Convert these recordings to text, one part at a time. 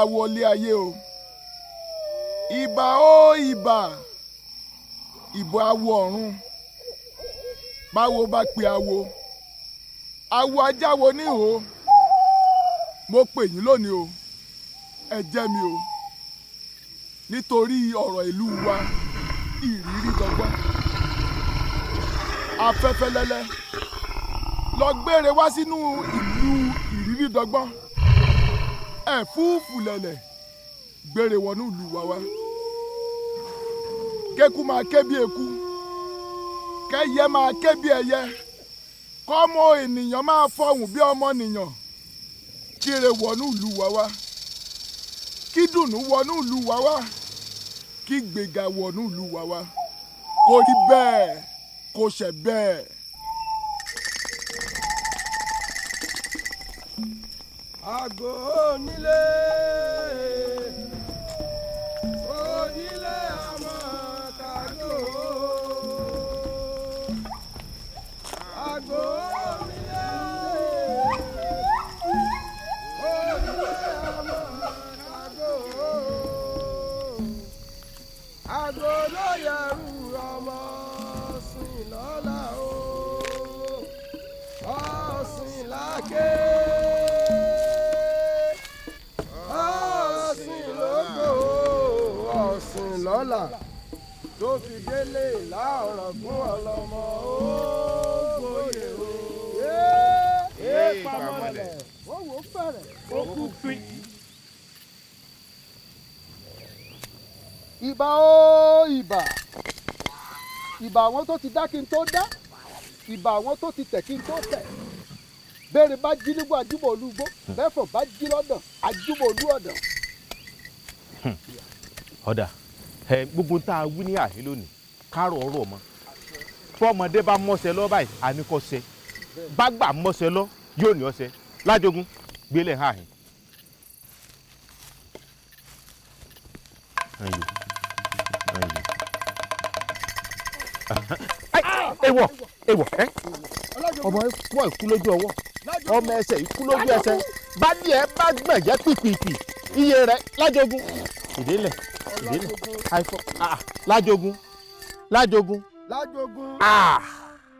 máa wọlé ayé o ìbà ó ìbà ìbò awo ọ̀run báwo bá pe awo awo ajáwo níhò mo pè yín lónìí o ẹ jẹ́ mi o nítorí ọ̀rọ̀ ìlú wa ìrírí dọ́gbọ́n afẹ́fẹ́ lẹ́lẹ́ lọ gbére wá sínú ìlú ìrírí dọ́gbọ́n. ẹ̀fúùfù lẹ̀lẹ̀ wọnú ìlú wa wá kéku máa ké bí eku kẹyẹ máa ké bí ẹyẹ kọ́mọ ènìyàn máa fọhùn bí ọmọ nìyàn kíre wọnú ìlú wa wá kí dùnnú wọnú ìlú wa wá kí gbéga wọnú ìlú wa wá kò rí bẹ́ẹ̀ kò ṣe àgọ́ onílé. délé láọ̀rọ̀ gún ọlọ́mọ ó o. ee pamọ́lẹ̀ ó wò ó fi. ìbà ó ìbà ìbà àwọn tó ti dá kí n tó dá ìbà àwọn tó ti tẹ̀ kí n tó tẹ̀ béèrè bá jí nígbà àjúbọ̀ olúgbó bẹ́ẹ̀fọ̀ bá jí lọ́dọ̀ àjúbọ̀ olú ọ̀dọ̀. gbogbo tá a wí ní àhín lónìí kárọ̀ ọ̀rọ̀ mọ́ fọmọdé bá mọ́sẹ̀ lọ báyìí àníkọ́sẹ̀ gbágbà mọ́sẹ̀ lọ yóò ní ọsẹ̀ lájogún gbélé hàn yín. ewọ ewọ ẹ ọmọ ẹwọ ikú lójú ọwọ́ ọmọ ẹsẹ̀ ikú lójú ẹsẹ̀ bá díẹ̀ bá gbẹ̀jẹ̀ pìpìpì iye rẹ̀ lájogún ìdílé ìdílé àìfọ ah, lájogún lájogun. lájogun. ah.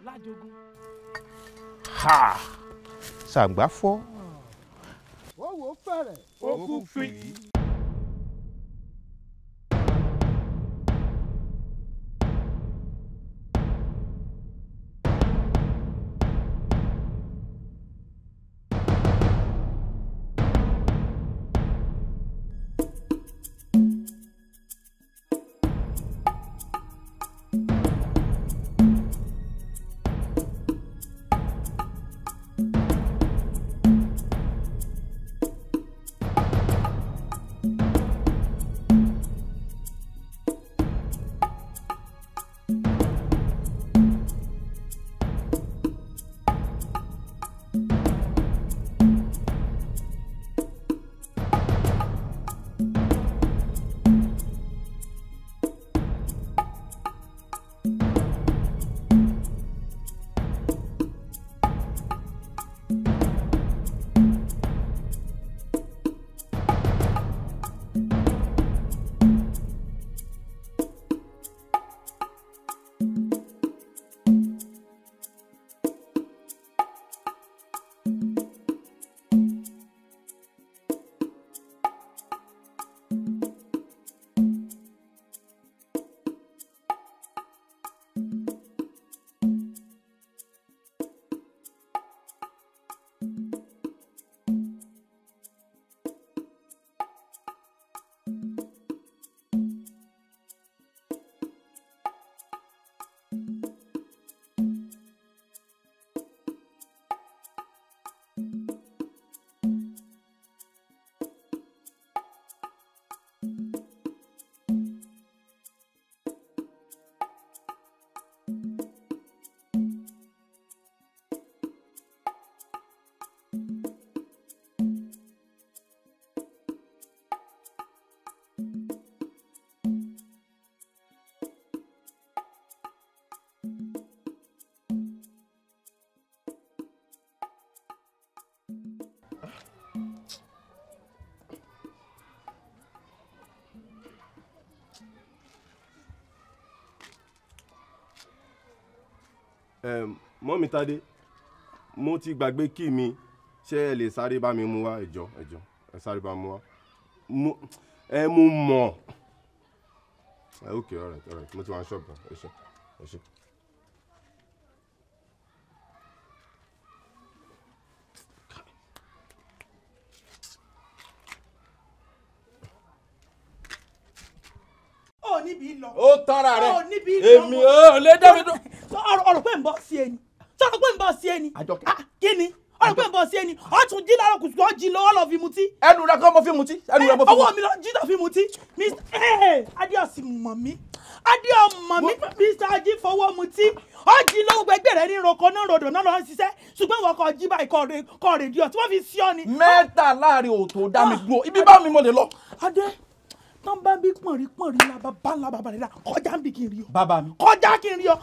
lájogun. ha. ṣàǹgbá fọ́. ó wò ó fẹ̀rẹ̀ ó kú fi. mọ́mítadé mo ti gbàgbé kí mi ṣé ẹ lè sáré bá mi mú wá ẹjọ ẹjọ ẹ sáré bá mi mú wá ẹ mú mọ ẹ ok alright alright mo ti wá ṣọ́ọ̀bù ẹ ṣe ẹ ṣe. ó níbi lọ. ó tara rẹ èmi ò lè dẹ́bi dùn. ọ̀rọ̀ pé ń bọ̀ sí ẹni sọ̀rọ̀ pé ń bọ̀ sí ẹni. àjọkẹ́ ah, kí ni ọ̀rọ̀ pé nbọ̀ sí ẹni ọ̀tún jí lára kùtù ọ̀jì lọ́wọ́ lọ́ọ́ fi mutí. ẹnu rẹ kọ́ mo fi mutí ẹnu rẹ mo fi mutí. ọwọ́ mi lọ jí tó fi mutí adéọ̀sì mọ̀ mí adéọ̀mọ̀ mí Mr. Ají fọwọ́ mutí ọ̀jì lọ́wọ́ gbẹgbẹ́ rẹ ní roko náà rodò náà lọ́ọ́ ṣiṣẹ́ ṣùgbọ́n wọn kò jí báyìí kọ́ rèdíò tí wọ́n fi sí ọ ni. mẹ́ta láàrin òtò dá mi ah. dúró ibi bá mi mo lè lọ. adé tán bá bí pọ̀nrí pọ̀nrí la bàbá la bàbá rẹ̀ la kọjá ń bì kí n rí o. bàbá mi. kọjá kí n rí o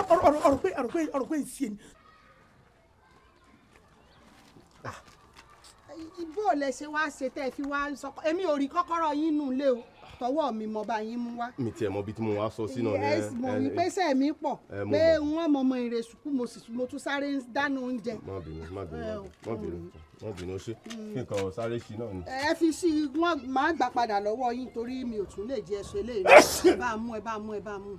ọ̀rọ̀ pé ọ̀rọ̀ pé ọ̀rọ̀ pé n sí ẹni bó o lẹ ṣe wá ṣe tẹ́ ẹ fi wá ń sọ èmi ò rí kọ́kọ́rọ́ yín nù lé o tọwọ́ mi mọ bá yín mú wá. mi tiẹ̀ mọ bí tí mo wá sọ sí náà ni. ẹ mọ wípé sẹ́ mi pọ̀ pé wọ́n mọ ọmọ ìrè sùkú mo sì mo tún sáré dáná oúnjẹ. má bínú má bínú má bínú má bínú ṣé kí nǹkan sáré sí náà ni. ẹ fi sí i wọn máa gbà padà lọ́wọ́ yín torí mi ò tún lè jẹ ẹsẹ̀ lè ẹ bá mú ẹ bá mú ẹ bá mú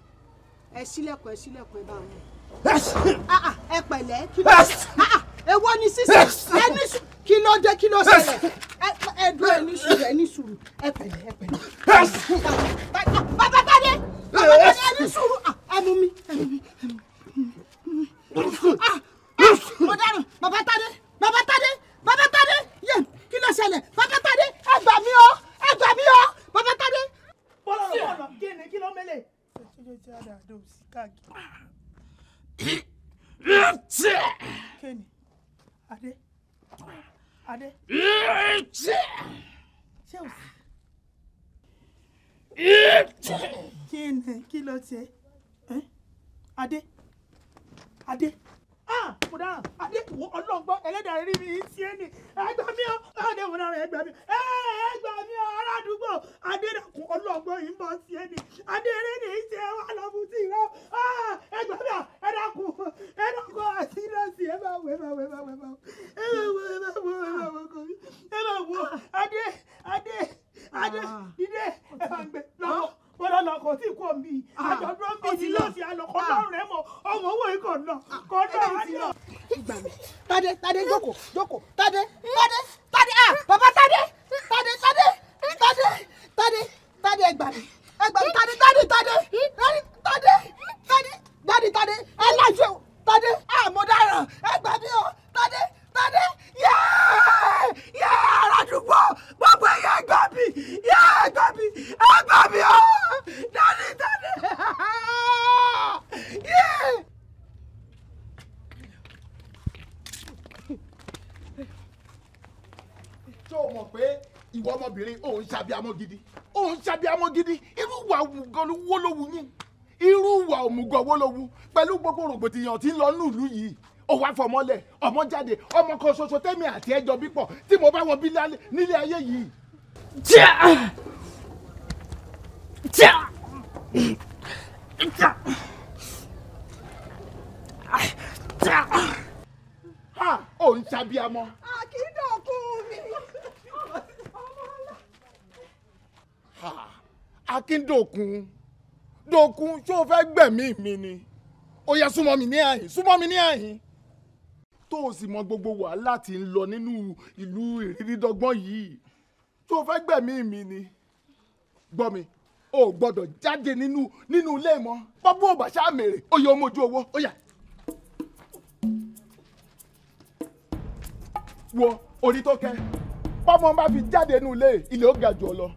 ẹ ṣílẹ̀kùn ẹ ṣílẹ̀kùn ẹ bá mú. Ah, ah, ẹ pẹ̀lẹ́ kí ló dé. Ah, èwo ni sísè ẹni sùn kí ló dé kí ló ṣẹlẹ̀ ẹdùn ẹni sùn ẹni sùn ẹ pẹ̀lẹ́ ẹ pẹ̀lẹ́. bàbá bàdé bàbá bàdé ẹni sùn ah, ẹmu mi ẹmu mi ẹmu mi. Ah, mo dárò bàbá tadé bàbá tadé bàbá tadé yẹ kí ló ṣẹlẹ̀ bàbá tadé ẹ gbà mí o ẹ gbà mí o bàbá tadé. bọ́lá ọ̀nà gèlè kí ló mẹ́lẹ̀. kéde. Adé. Adé. Ṣé o sì? Kí ni kí ló ṣe? Adé. Adé ah mo dára adékòwò ọlọ́gbọ́n ẹlẹ́dàá rí mi ti ẹni ẹgbà mi ọ ọdẹwọ̀n ara ẹgbà mi ẹgbà mi ọ ará àdúgbò adédàkùn ọlọ́gbọ́n yìí ń bọ̀ ti ẹni adéré ni ti ẹ wà lọ fún ti rẹ ah, ẹgbà mi ọ ẹdàkùn ẹdàkùn àti nọ́ọ̀sì ẹ máa wọ ẹ máa wọ ẹ máa wọ ẹ máa wọ ẹ máa wọ ẹ máa wọ ẹ máa wọ adé adé adé ah. dídé ẹ máa gbẹ lọ́wọ́ wọn lọ lọ kò tí kò mí ah, àjọ dúró mí ní lọsí àlọ kò lọ ah. rẹ mọ ọmọ owó yìí kò nà kò nà wá nà. tade tade jókòó jókòó tade olówó lòun pẹ̀lú gbogbo rògbòdìyàn tí ń lọ nílùú yìí ó wá fọmọlẹ̀ ọmọ jáde ọmọ kan ṣoṣo tẹ́mi àti ẹjọ́ bí tí mo bá wọn bí nílé ayé yìí. tíá tíá tíá tíá. ha ò ń ṣàbíamọ. àkíndọ̀kùn mi. ha akíndọ̀kùn. Dòkun ṣó o fẹ́ gbẹ̀mí mi ni ó yẹ súnmọ́ mi ní àyín súnmọ́ mi ní àyín tó o sì mọ gbogbo wàhálà tí ń lọ nínú ìlú ìrírí dọ́gbọ́n yìí tó o fẹ́ gbẹ̀mí mi ni gbọ́ mi o gbọ́dọ̀ jáde nínú nínú ilé mọ́ bọ́bú ò bá ó yẹ ọmọ ojú owó ó yà. wo orí tó kẹ bọ́mọ bá fi jáde nínú ilé ilé ó ga jù ọ lọ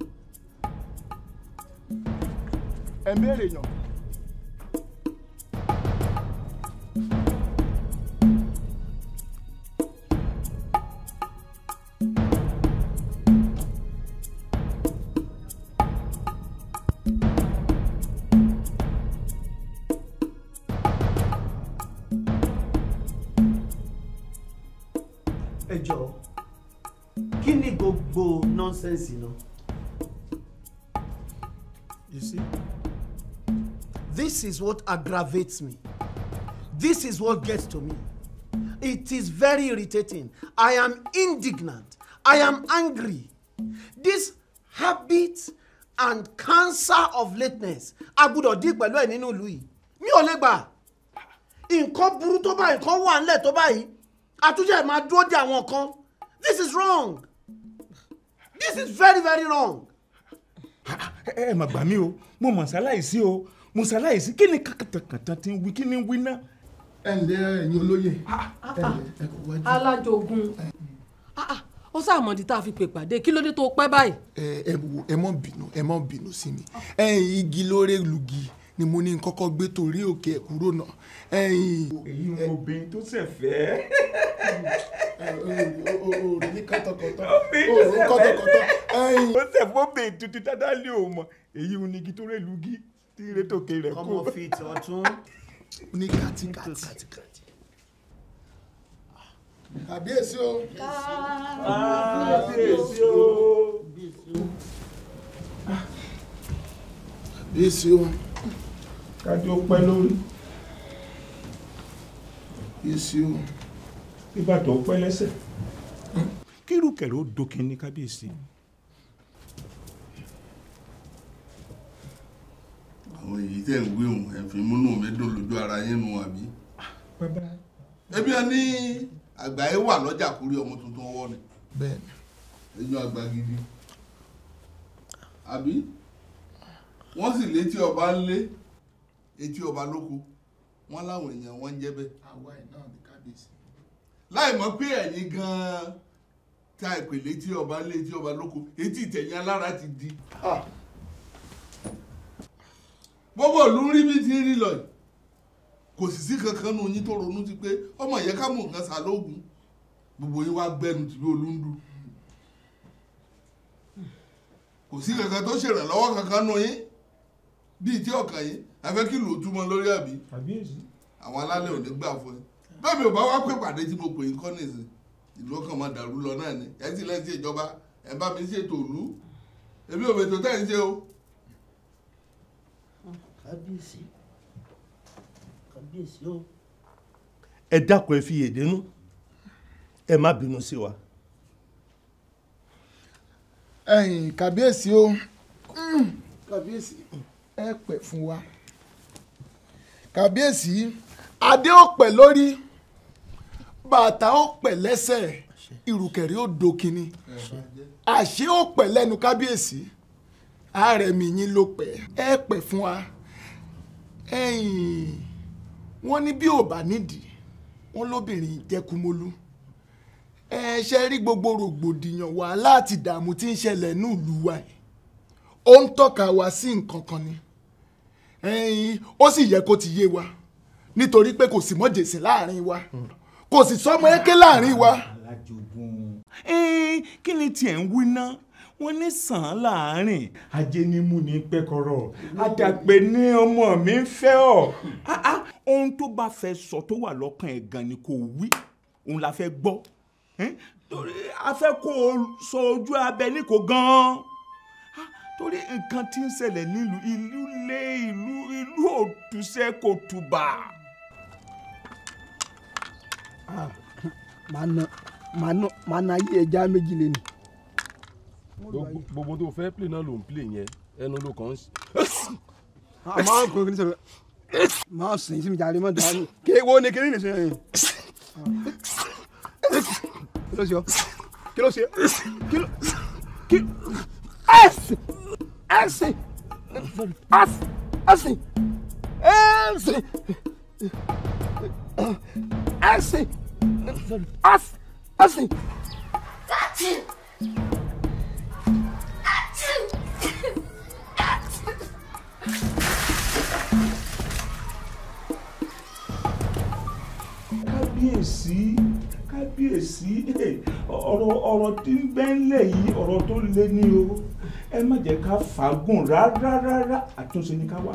ẹ̀mí èrèyàn. ẹ jọ̀ọ́ kí ni gbogbo nọ́nsẹ̀nsì náà. you see This is what aggravates me. This is what gets to me. It is very irritating. I am indignant. I am angry. This habit and cancer of lateness a gbọ́dọ̀ dín pẹ̀lú ẹ̀ nínú ìlú mi ò lè gbà nǹkan burú tó báyìí nǹkan wà ńlẹ̀ tó báyìí àtúnṣe ẹ̀ máa dúró de àwọn kan this is wrong this is very very wrong. ẹ ẹ mà gbà mí o mo mọ̀ ṣaláìsí o mùsàláìsí kí ni kàkàtàkàtà ti ń wí kí ni ń wí náà. ẹ ǹlẹ́ ẹ̀yin olóye ah, ah, ah. ẹ kò wájú. alájogun ó sàmọ̀dí tá a fi pè pàdé kí ló dé tó pẹ́ báyìí. ẹ ẹ wo ẹ mọ bínú ẹ mọ bínú sí mi ẹ̀yin igi lóore lùgì ni mo ní kọ́kọ́ gbé torí òkè ẹ̀ kúrò náà ẹ̀yin. èyí ń wo obìnrin tó ṣẹ̀ fẹ́. òòrè ní kọ́tọ̀kọ́tọ̀ òòrè kọ́tọ̀kọ́tọ̀ ẹ̀yin. ó ṣẹ̀ fún obìnrin tuntun dáadáa lé òun mọ̀ èyí ń ní igi tó rẹ̀ lùgì tí rétòkè rẹ̀ kú. kọ́mọ fi ti ọtún. ní kàtìkàtì. kàbíyèsí o. kàbíyèsí o. kàbíyèsí o. kájú ó pẹ́ lórí. kàbíyèsí o. bíbàtọ̀ pẹ́ lẹ́sẹ̀. kírùkẹ̀rẹ̀ ó dokin ní kábíyèsí. àwọn èyí tẹ̀ ń wé òun ẹ̀ fi múnú mi dùn lójú ara yín nu àbí. ebi ẹni àgbáyé wà lọ́jà kórí ọmọ tuntun ọwọ́ ni. bẹ́ẹ̀ni. eyín àgbà gidi àbí wọ́n sì létí ọba ń lé etí ọba lóko wọ́n láwọn èèyàn wọ́n ń jẹ́ bẹ́ẹ̀. àwa ẹ̀ náà ní kábíyèsí. láì mọ̀ pé ẹ̀yin gan-an ta ìpè létí ọba ń ọba lóko etí ìtẹ̀yìn alára ti di. Ah gbogbo ìlú rí bí ti rí lọ yìí kò sì sí kankan nù yín tó ronú ti pé ọmọ yẹn ká mú nǹkan sá lóògùn gbogbo yín wá gbẹnu tìlú olúndú kò sí kankan tó ṣèrànlọ́wọ́ kankan nù yín bíi tí ọ̀kan yín afẹ́ kí lòó túmọ̀ lórí àbí àwọn alálẹ̀ ò ní gbà fún ẹ bẹ́ẹ̀ ò bá wá pé pàdé tí mo pè ń kọ́ nìsín ìlú ọkàn máa dàrú lọ náà ni ẹ ti lẹ́sìn ìjọba ẹ bá mi ṣètò ìlú èmi ò mètò tẹ́ ń ṣe o kábíyèsí kábíyèsí o. ẹ dákun ẹ fi yèdénú ẹ má bínú sí wa. ẹ̀yin kábíyèsí o kábíyèsí ẹ pẹ̀ fún wa kábíyèsí adé ó pẹ̀ lórí bàtà ó pẹ̀ lẹ́sẹ̀ ìrùkẹ̀rẹ̀ ó dókínní àṣé ó pẹ̀ lẹ́nu kábíyèsí ààrẹ mi yín ló pẹ̀ ẹ pẹ̀ fún wa wọ́n ní bí ò bá nídìí wọ́n lóbìnrin jẹkumolú ẹ ṣe rí gbogbo rògbòdìyàn wàhálà àti ìdààmú tí ń ṣẹlẹ̀ ní ìlú wa yìí ó ń tọ́ka wa sí nǹkan kan ni ó sì yẹ kó ti yé wa nítorí pé kò sí mọ́jèsì láàrin wa kò sì sọ́mọ ẹ́kẹ́ láàrin wa. kí ni tiẹ̀ ń wí náà wọ́n ní sàn án láàárín ajénímù ni pẹ́kọ̀rọ̀ àdàpè ní ọmọ mi ń fẹ́ ọ̀ ah, ah. ohun tó bá fẹ́ sọ tó wà lọ́kàn ẹ̀ gan ni kò wí òun la fẹ́ gbọ́ torí a fẹ́ kó o sọ ojú abẹ ní kò gan-an ah, torí nǹkan tí ń ṣẹlẹ̀ nílùú ìlú lé ìlú ìlú òtúnṣe kò tùbà. màá na ayé ẹja méjì lé gbogbo tó fẹ́ play náà ló ń play yẹn ẹnu ló kàn ń. àmọ́ àwọn kòkòrò sọ̀rọ̀ máa sìn sí mi jáde mọ́ dání kéwọ́ ni kéwọ́ ni sìn yẹn. kí ló ṣe ọ́ kí ló ṣe kí ló kí ẹ̀sìn ẹ̀sìn ẹ̀sìn ẹ̀sìn ẹ̀sìn ẹ̀sìn ẹ̀sìn. kábíyèsí kábíyèsí ọ̀rọ̀ ọ̀rọ̀ tí ń bẹ́ ńlẹ̀ yìí ọ̀rọ̀ tó lé ní o ẹ má jẹ́ ká fàágùn rárá rárá àtúnṣe ní ká wà.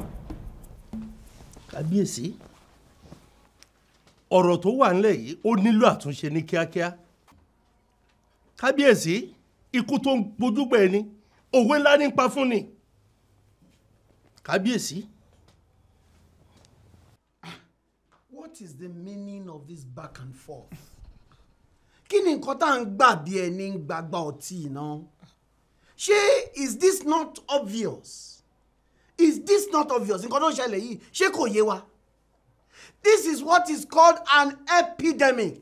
kábíyèsí ọ̀rọ̀ tó wà ńlẹ̀ yìí ó nílò àtúnṣe ní kíákíá kábíyèsí ikú tó ń gbójúgbẹ̀ ni òwe ńlá nípa fún ni kábíyèsí. Si what is the meaning of this back and forth? kí ni nǹkan tá à ń gbà bí ẹni ń gbàgbà ọtí náà? ṣé is this not obvious? is this not obvious? nǹkan tó ń ṣẹlẹ̀ yìí ṣé kò yé wa? this is what is called an epidemic.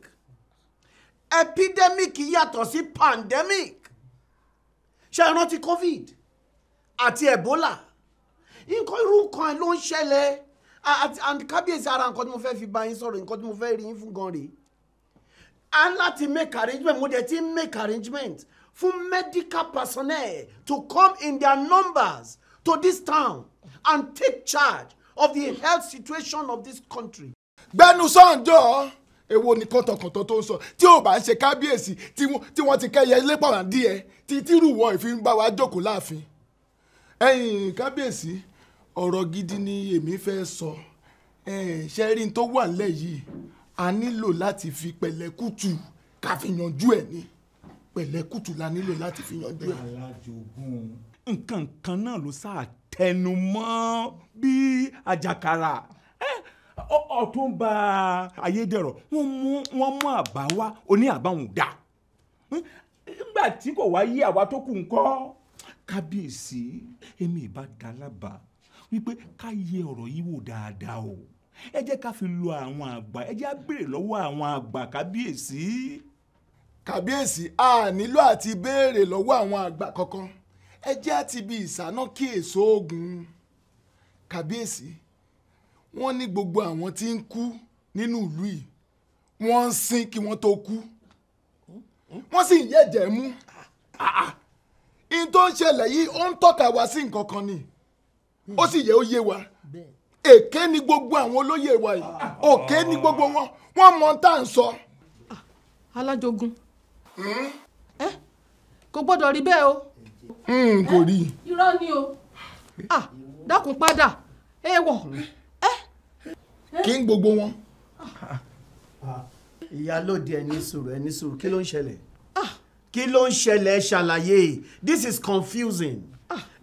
epidemic yàtọ̀ sí pandemic. ṣé ẹ rántí covid àti ebola? nǹkan irú kan ló ń ṣẹlẹ̀ and kábíyèsí ara nǹkan tí mo fẹ́ fi bá yín sọ̀rọ̀ nǹkan tí mo fẹ́ rí yín fún gan rèé a ń láti make arrangement mo dẹ̀ ti make arrangement fún medical personnel to come in their numbers to this town and take charge of the health situation of this country. gbẹ́nu sọ́njọ́ èwo ni kọ́tọ̀kọ̀tọ̀ tó ń sọ tí ò bá ń ṣe kábíyèsí tí wọ́n ti kẹ́yẹ ilé pàrọ̀ díẹ̀ tí tírù wọ wa jókòó láàfin ẹ̀yìn kábíyèsí ọ̀rọ̀ gidi ni èmi fẹ́ sọ ṣe tó wà nílẹ̀ a nílò láti fi pẹ̀lẹ́kùtù ká fi yanjú ẹ̀ ni pẹ̀lẹ́kùtù la nílò láti fi yanjú ẹ̀. alájogún nǹkan kan náà ló sáà tẹnu mọ́ bí àjàkàrà ọ̀tún bá ayédèrò wọ́n mú àbá wá oní àbáwọn dà nígbà tí kò wá àwa tó kù ń kọ́ kábíyèsí èmi ìbá dá lábàá wípé ká yẹ ọ̀rọ̀ yìí wò dáadáa o ẹ jẹ́ ká fi lo àwọn àgbà ẹ jẹ́ á béèrè lọ́wọ́ àwọn àgbà kábíyèsí. kábíyèsí a nílò àti béèrè lọ́wọ́ àwọn àgbà kankan ẹ jẹ́ á ti bi ìsáná kí èso oògùn kábíyèsí wọ́n ní gbogbo àwọn tí ń kú nínú ìlú yìí wọ́n ń sin kí wọ́n tó kú wọ́n sì ń yẹ̀jẹ̀ mú. in ah, ah. tó ń ṣẹlẹ̀ yìí ó ń tọ́ka wá sí nǹkan kan ni ó sì yẹ ó yé wa èké ni gbogbo àwọn olóyè wa yìí òké ni gbogbo wọn wọn mọ tá à ń sọ. alájogun hmm? ẹ kò gbọ́dọ̀ rí bẹ́ẹ̀ o. Hmm, kò rí. irọ́ ni o dákun padà èèwọ̀. kí n gbogbo wọn. ìyálòdì ẹni sùúrù ẹni sùúrù kí ló ń ṣẹlẹ̀ kí ló ń ṣẹlẹ̀ ṣàlàyé this is confusing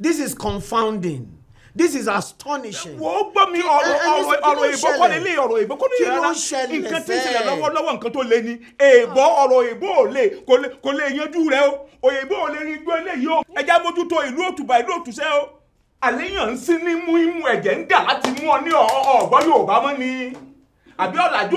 this is confounding this is astonishing. wò gbọ́ mi ọ̀rọ̀ ọ̀rọ̀ ọ̀rọ̀ kọ́ ni ilé ọ̀rọ̀ èbó kọ́ ni ìlànà nǹkan tí ń ṣẹlẹ̀ lọ́wọ́lọ́wọ́ nǹkan tó le ni ah. èbó ọ̀rọ̀ èbó lè kò lè yanjú rẹ o òyìnbó lè rí igbó eléyìí o ẹja mójútó ìlú òtùbà ìlú òtùṣẹ́ o àléyàn ń sí ní mú imú ẹ̀jẹ̀ ń dà láti mú ọ ní ọ̀gbọ́ Yorùbá mọ́ ni àbí ọ̀làjú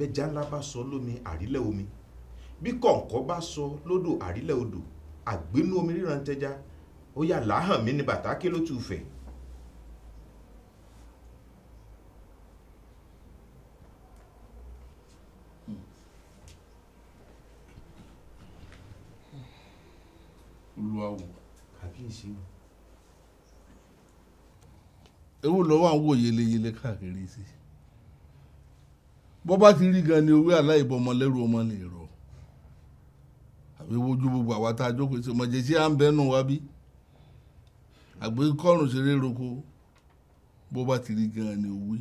bẹ́jà ńlá bá sọ lómi àrílẹ̀ omi bí kọ̀ǹkọ̀ bá sọ lódò àrílẹ̀ odò àgbénú omi ríran tẹja ó yà láhàn mí ní bàtà ké ló tù fẹ́. olùwàwò kàbíyèsí o. ewu wò yeleyele káàkiri sí i. bọ́ ti rí gan ni owó aláìbọ̀ ọmọ lẹ́rù ọmọ lè àbí wojú gbogbo àwa tá a jókòó sí ọmọ jẹ́sí à ń bẹ́nu bí ṣeré roko ti rí gan ni owó.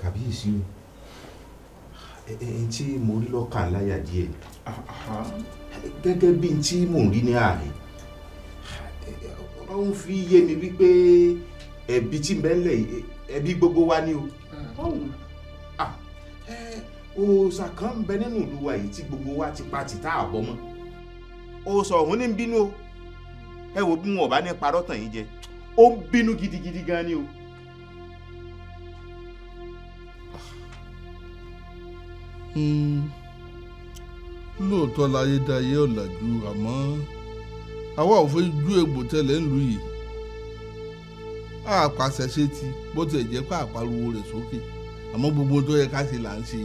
kàbíyèsí o ẹni tí mo rí lọ́kàn láyà díẹ̀ gẹ́gẹ́ bí n tí mò ń rí ní fi yé mi wípé ẹbí tí gbogbo wa o. òòṣà kan ń bẹ nínú ìlú wa yìí tí gbogbo wa ti pa tìta àbọ̀ mọ́ òòṣà ọ̀hún ní ń bínú o ẹ wo bí wọn ò bá ní parọ́ tàn yín jẹ ó ń bínú gidigidi gan ni o. Hmm. lóòótọ́ láyédáyé ọ̀làjú àmọ́ àwa ò fẹ́ ju egbò tẹ́lẹ̀ ń lù yìí àpàṣẹ ṣe ti bó tiẹ̀ jẹ́ pé àpariwo rẹ̀ sókè àmọ́ gbogbo tó yẹ ká ṣe là ń ṣe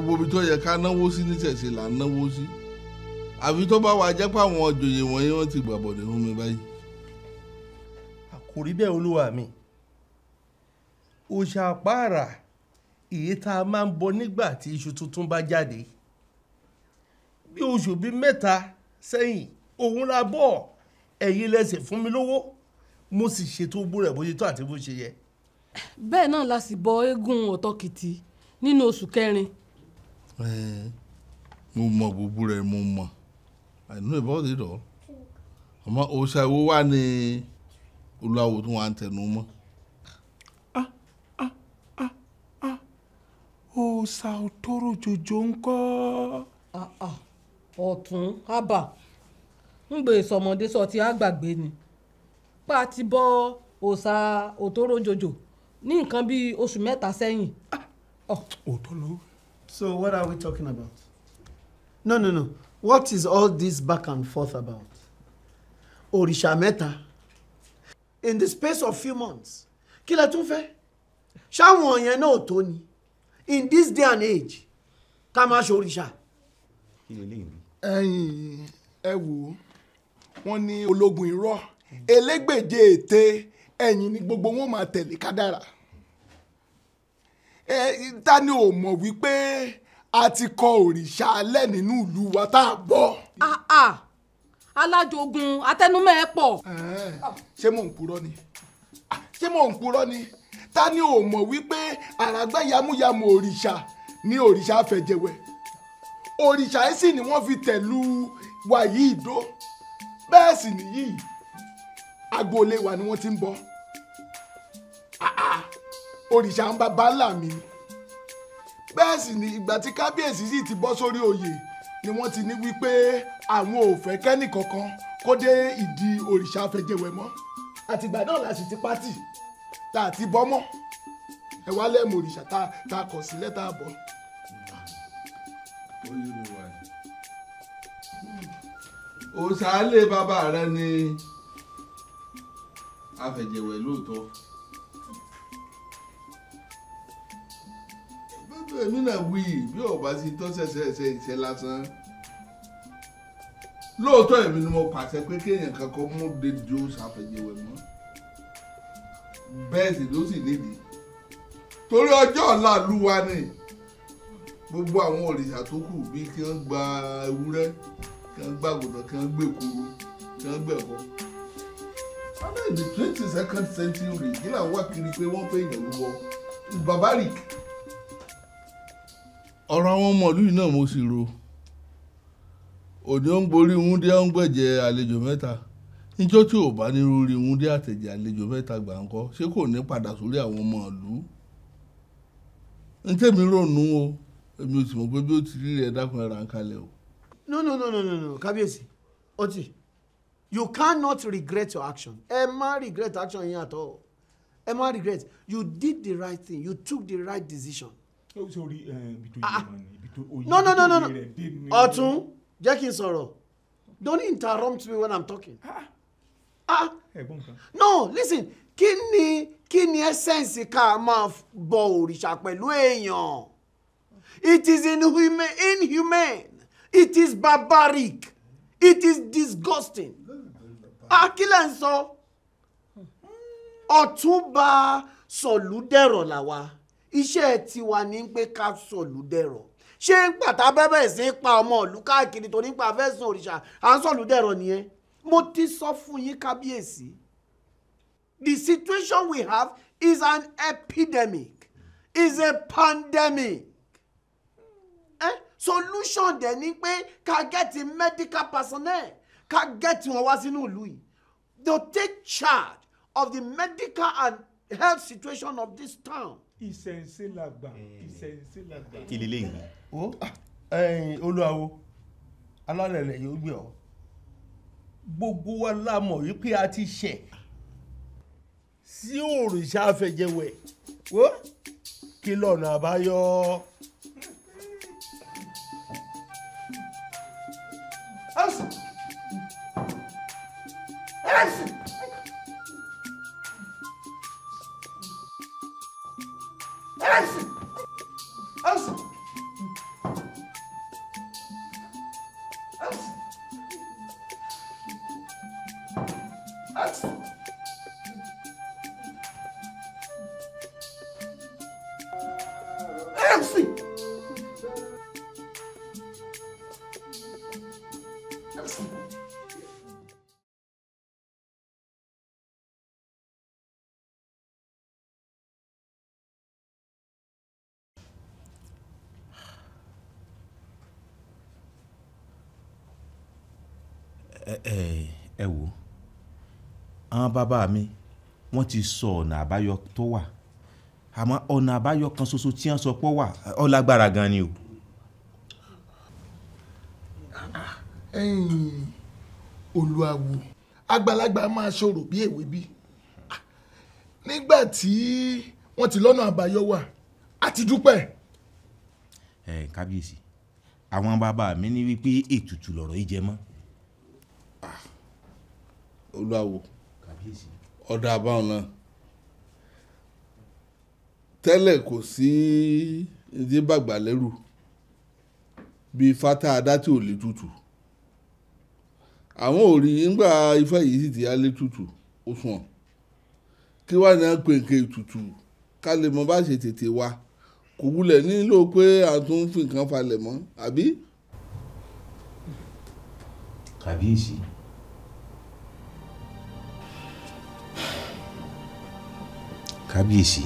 gbogbo ibi tó yẹ ká náwó sí níṣẹ̀ṣe là ń náwó sí àfi tó bá wàá jẹ́ àwọn òjòyè wọ̀nyí wọ́n ti gbàbọ̀dé fún mi báyìí. àkòrí bẹ́ẹ̀ olúwa mi òòṣà àpáàrà èyí tá a máa ń bọ nígbà tí iṣu tuntun bá jáde bí oṣù bíi mẹ́ta sẹ́yìn òun la bọ̀ ẹ̀yin lẹ́sẹ̀ fún mi lówó mo sì ṣètò owó rẹ̀ bó àti bó ṣe yẹ. bẹ́ẹ̀ náà la sì bọ eégún ọ̀tọ̀kìtì nínú oṣù kẹrin Eh, mo mọ gbogbo rẹ mo mọ I know about it all àmọ́ òòṣà ìwo wà ní olùwàwò tí ah ah tẹnu ah òòṣà òtóró jòjò ń kọ́. ọ̀tún àbà ń gbé sọmọdé sọ ti àgbàgbé ni pa ti bọ òòṣà jòjò ní nǹkan bíi oṣù So what are we talking about? No, no, no. What is all this back and forth about? Òrìṣà mẹ́ta. In the space of few months, kila lẹ tún fẹ́? Ṣáwọn yẹn In this day and age, ká máa ṣòrìṣà. Ẹ̀yin ẹ wò ó, wọ́n ní ológun irọ́, elégbèje ète, ẹ̀yìn ni gbogbo wọn máa tẹ̀lé kádàrá ta ni ò mọ̀ wípé a ti kọ òrìṣà alẹ́ nínú ìlú wa tá a bọ̀. Ah, ah. alájogun atẹnumọ́ ẹ pọ̀. ṣé mò ń purọ́ ni ah, ṣé mò ń purọ́ ni ta ni ò mọ̀ wípé àràgbá yamuyamu òrìṣà ni òrìṣà fẹ̀jẹ̀wẹ̀ òrìṣà yìí sì ni wọ́n fi tẹ̀lú wàyí ìdó bẹ́ẹ̀ sì nìyí agboolé wa ni wọ́n ti ń bọ̀. Ah, ah òrìṣà ń bá bàálà mi ni bẹ́ẹ̀ sì ni ìgbà tí kábíyèsí sì ti bọ́ sórí oyè ni wọ́n ti ní wípé àwọn ò fẹ́ kẹ́nì kankan kó dé ìdí òrìṣà fẹjẹwẹ mọ́ àtìgbà náà la sì ti pátì tá a ti bọ́ mọ́ ẹ wá lẹ́mú òrìṣà tá a kọ̀ sílẹ̀ tá a bọ̀. òsàálẹ̀ bàbá rẹ ni àfẹ̀jẹ̀wẹ̀ lóòótọ́. so èmi náà wí bí ò bá ti tó ṣẹ̀ṣẹ̀ ṣe ìṣe lásán lóòótọ́ èmi ni mo pàṣẹ pé kéèyàn kankan mú dédú ṣàfẹ̀jẹ̀wẹ̀ mọ́ bẹ́ẹ̀ sì ló sì nídìí torí ọjọ́ ọ̀la lúwa ni gbogbo àwọn òrìṣà tó kù bí kí wọ́n gba ewúrẹ́ kí wọ́n gba àgùntàn kí wọ́n gbé kuru kí wọ́n gbẹ̀kọ́ ọ̀nà ìdí twenty second century yìí là ń wá kiri pé wọ́n fẹ́ yẹn lúwọ́ barbaric ọ̀rọ̀ àwọn ọmọ yìí náà mo sì rò òní ó ń gborí wúndé ó ń gbẹ̀jẹ̀ àlejò mẹ́ta níjọ́ tí ò bá ní rúurí wúndé àtẹ̀jẹ̀ àlejò mẹ́ta gbà ṣé kò ní padà sórí àwọn ọmọ ìlú rònú o èmi ò sì mọ̀ pé bí ó ti rí rẹ̀ dákun ẹ̀rà ń o. no no no no no no kábíyèsí ọtí you cannot regret your action ẹ má regret action yín at all ẹ má regret you did the right thing you took the right decision sórí eh, ibi tó ah, yé wọn ah. ni ibi tó oyè rẹ dé ni. ọ̀tún jẹ́ kí n sọ̀rọ̀ don't interrupt me when i'm talking. Ah. Ah. ah. Ẹ̀gbọ́n no listen kí ni kí ni essence ká máa bọ òrìṣà pẹ̀lú èèyàn it is inhumane, inhumane it is barbaric it is disgusting akílẹ̀ ń sọ hmm. ọ̀túnba sọ̀lúdẹ̀rọ̀ làwa iṣẹ́ tiwa ní pé ká sọ̀lù dẹ̀rọ̀ ṣé ń pàtà bẹ́bẹ̀ sí pa ọmọ ìlú káàkiri torí pa fẹ́sùn òrìṣà à ń sọ̀lù dẹ̀rọ̀ nìyẹn mo ti sọ fún yín kábíyèsí the situation we have is an epidemic is a pandemic eh? solution dẹ̀ ni pé ká gẹ́tì medical personnel ká gẹ́tì wọn wá sínú ìlú yìí they take charge of the medical and health situation of this town ìṣẹ̀ǹṣe làgbà ìṣẹ̀ǹṣe làgbà. kí lélẹ́ yìí. Ah, o olúwawo alálẹ̀ rẹ̀ yóò gbé ọ gbogbo wa la mọ̀ wípé a ti ṣẹ̀ sí òrìṣà afẹjẹwẹ̀ wo kí lọ́nà àbáyọ. Yes! Yes! àwọn bàbá mi wọ́n ti sọ ọ̀nà àbáyọ tó wà àmọ́ ọ̀nà àbáyọ kan ṣoṣo tí wọ́n sọ pọ̀ wà ó lágbára gan ni o. olùwàwò àgbàlagbà máa ṣòro bí èwe bí nígbà tí wọ́n ti lọ́nà àbáyọ wà á ti dúpẹ́. ẹ kábíyèsí àwọn bàbá mi ní wípé ètùtù lọ̀rọ̀ yìí jẹ mọ́. olùwàwò. Ah ọ̀dà àbáwọn náà tẹ́lẹ̀ kò sí ẹdí bàgbà lẹ́rù bíi fata adátì ò lè tutù àwọn ò rí nígbà ifá yìí sì ti á lé tutù ó sùn kí wàá ní pé nǹkan ètùtù ká lè mọ bá ṣe tètè wa kò wulẹ̀ nílò pé a tún fi nǹkan falẹ̀ mọ́ àbí. kàbíyèsí. Si. kábíyèsí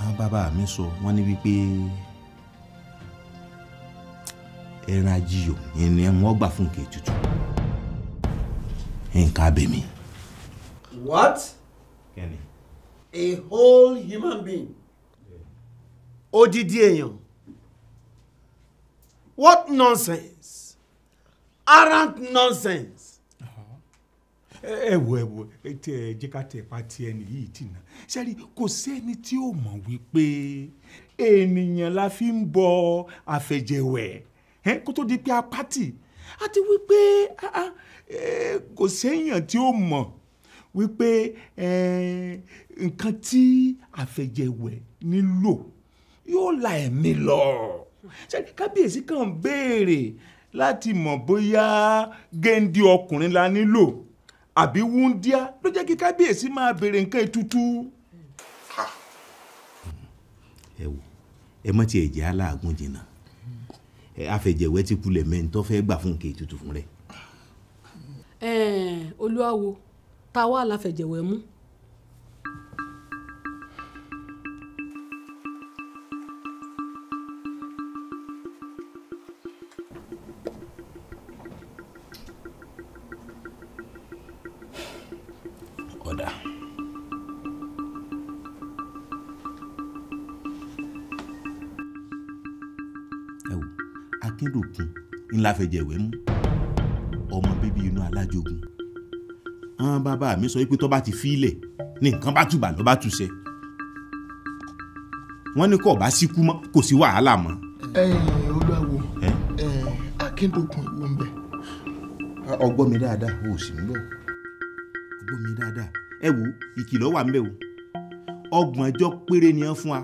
àwọn bàbá mi sọ wọ́n ní wípé ẹran ajíyò ẹni wọ́n gbà fún nǹkan ètùtù nǹkan abẹ̀mí. what Kenny. a whole human being odidi èèyàn what nonsense Arant nonsense ẹ wo ẹ wo tí ẹ jẹ́ ká tẹ̀ pa ti ẹni yìí tì náà sẹ́rí kò sẹ́ni tí ò mọ̀ wípé ènìyàn la fi ń bọ àfẹ̀jẹ̀wẹ̀ kó tó di pé a pátì àti wípé kò séèyàn tí ó mọ̀ wípé nǹkan tí àfẹ̀jẹ̀wẹ̀ nílò yóò la ẹ̀mí lọ kábíyèsí kan béèrè láti mọ̀ bóyá géńdé ọkùnrin la nílò àbí wúndíá ló jẹ́ kí kábíyèsí máa béèrè nǹkan ètùtù. ẹ wò ẹ mọ tiẹ̀ jẹ́ aláàgùn jìnnà àfẹ̀jẹ̀wẹ́ ti kulẹ̀ mẹ́ńtọ́ fẹ́ gbà fún nǹkan ètùtù fún rẹ̀. olúwa wo ta wá láfẹ̀jẹ̀wẹ́ mú. láfẹjẹ̀wé mú ọmọ bíbí inú alájogun àwọn bàbá mi sọ wípé tó bá ti fílẹ̀ ní nǹkan bá tùbà lọ́ bá tùṣẹ wọ́n ní kò bá síkú mọ́ kò sí wàhálà mọ́. ẹ ẹ olúwawo ẹ ẹ akíndokun ìwọ ń bẹ. ọgbọ́n mi dáadáa o sì ń bọ̀ ọgbọ́n mi dáadáa ẹ wo ìkìlọ̀ wà ń bẹ̀ o ọgbọ̀njọ́ péré ni wọ́n fún wa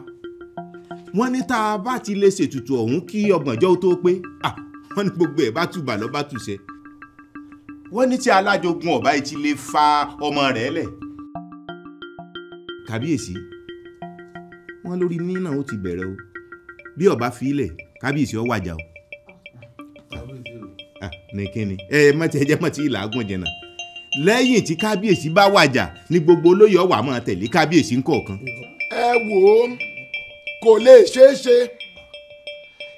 wọ́n ní tá a bá ti lè ṣètùtù ọ̀hún kí ọgbọ̀njọ́ tó pé wọ́n ní gbogbo ẹ̀ bá tùbà lọ́ bá tùṣẹ́ wọ́n ní tí alájogun ọ̀bá yìí ti lè fa ọmọ rẹ̀ lẹ̀ kábíyèsí wọ́n lórí nínà ó ti bẹ̀rẹ̀ o bí ọba fi ilẹ̀ kábíyèsí ọ wàjà o ah, ní kíni ẹ mọ̀tí ẹ jẹ́ mọ̀tí ìlàgùn jẹ̀nà lẹ́yìn tí kábíyèsí bá wàjà ni gbogbo olóyè ọwà máa tẹ̀lé kábíyèsí ńkọ̀ọ̀kan. ẹ wò ó kò lè ṣeé ṣe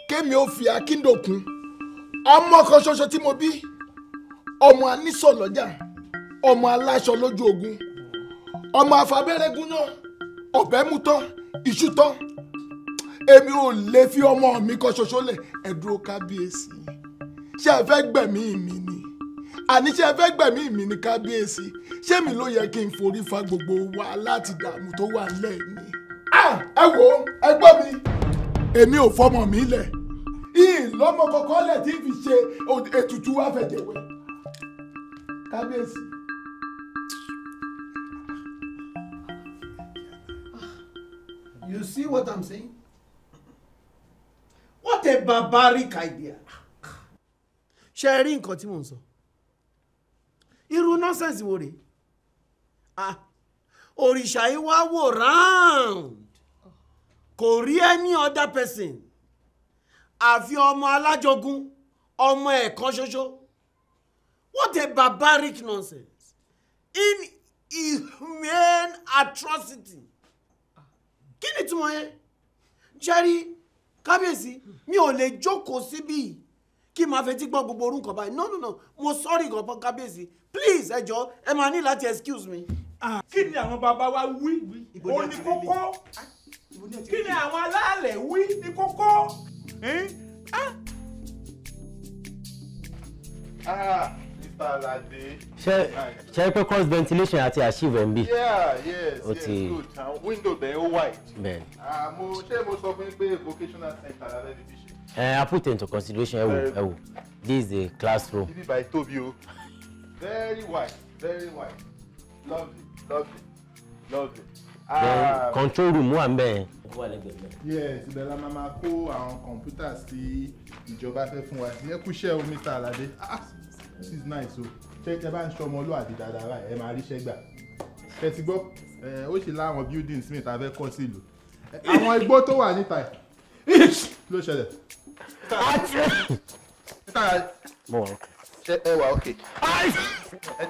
kémi ó fi akíndòkun ọmọ kan ṣoṣo tí mo bí ọmọ anísọ̀lọ́jà ọmọ aláṣọ lójú ogun ọmọ afabẹ́rẹ́ gúnyán ọ̀bẹ mú tán iṣu tán èmi ò lè fi ọmọ mi kan ṣoṣo lẹ̀ ẹ dúró kábíyèsí ṣé ẹ fẹ́ gbẹ̀mí mi ni àní ṣé ẹ fẹ́ gbẹ̀mí mi ni kábíyèsí ṣé mi ló yẹ kí n forí fa gbogbo wa láti dààmú tó wà lẹ́yìn. Ah! ẹ wò ó ẹ gbọ́ mi èmi ò fọmọ mi lẹ̀ lọ́mọ kọ̀ọ̀kan lẹ̀ tí fi ṣe ètùtù àfẹ̀jẹ̀wẹ̀ kábíyèsí. You see what I'm saying? What a barbaric idea! Ṣé ẹ rí nǹkan tí mò ń sọ? Irú nọ́sẹ̀sì wo rèé? Ah, òrìṣà yìí wá wò round. Kò rí any other person àfi ọmọ alájogún ọmọ ẹ̀kan ṣoṣo what a barbaric nonsense in inhumane atrocity kí ni túmọ̀ yẹn jẹ́rí kábíyèsí mi ò lè jókòó síbí kí n máa fetí gbọ́ gbogbo orúkọ báyìí no no no mo sọ́ọ̀rì gan kábíyèsí please ẹ jọ̀ọ́ ẹ máa ní láti excuse me. Ah. kí ni àwọn bàbá wa wí? ó ní kókó ah, kí ni àwọn alálẹ̀ wí ní kókó. Eh? ah, ah, ṣe ṣe pé cause ventilation àti achieve mb. yeah yes o yes good and window bẹ́ẹ̀ ó wide. bẹ́ẹ̀. Ah, mo ṣé mo sọ fún pé vocational center la lẹ́nu ibi ṣe. I put into consideration ẹ wò ẹ wò this is a classroom. ibi bàyí tóbi o very wide very wide lovely lovely lovely. Ah. then control room wà ń bẹ́ẹ̀ ó wà lẹ́gbẹ̀ẹ́ mi. yes ibẹ̀ la máa máa kó àwọn kọ̀ǹpútà tí ìjọba fẹ́ fún wa ìyẹn kú iṣẹ́ omi ta àlàdé ah this is nice o ṣé ẹ bá ń ṣe ọmọlúwàbí dáadáa rà ẹ máa ríṣẹ́ gbà ẹ ti gbọ́ ó sì láwọn buildings mi ta fẹ́ kọ́ sí ìlú àwọn igbó tó wà níta kí ló ṣẹlẹ̀. mo wà ókè. ẹ wà ókè. ẹ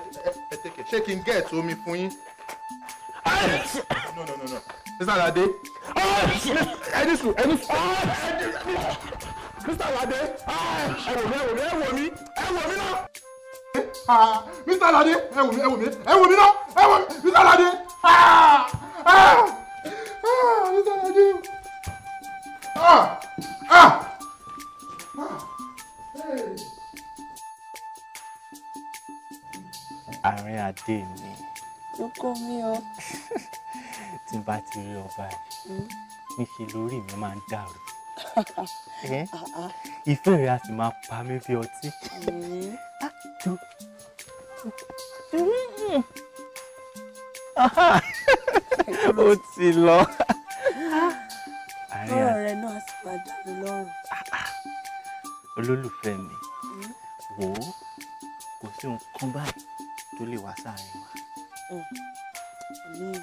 tẹ̀kẹ̀ ṣé kí n gẹ̀ẹ́tì omi fún yín. no no no no. Mr. Alade. Ah, sùn ẹni sùn. Ah! Mr. Alade. Mr. wò ah, ẹ wò mí ẹ wò mí ẹ wò mí náà. Ah! Mr. Alade ẹ wò mí ẹ wò mí ẹ wò mí náà ẹ wò mí Mr. Alade. Ah! Mr. Alade. Ah! Ah! Àárín adé ni. Lókọ́ mi o. tí n bá ti rí ọba yìí hmm? níṣe lórí mi máa ń dàrú ah, ah. ìfẹ́ rẹ̀ a sì máa pa mí bí ọtí. Hmm? Ah, ó ti lọ. ọ̀rọ̀ rẹ̀ náà sì máa dá mi lọ́rùn. Hmm? mi wò kò sí nǹkan báyìí tó lè wá sáàárín wa. Mm.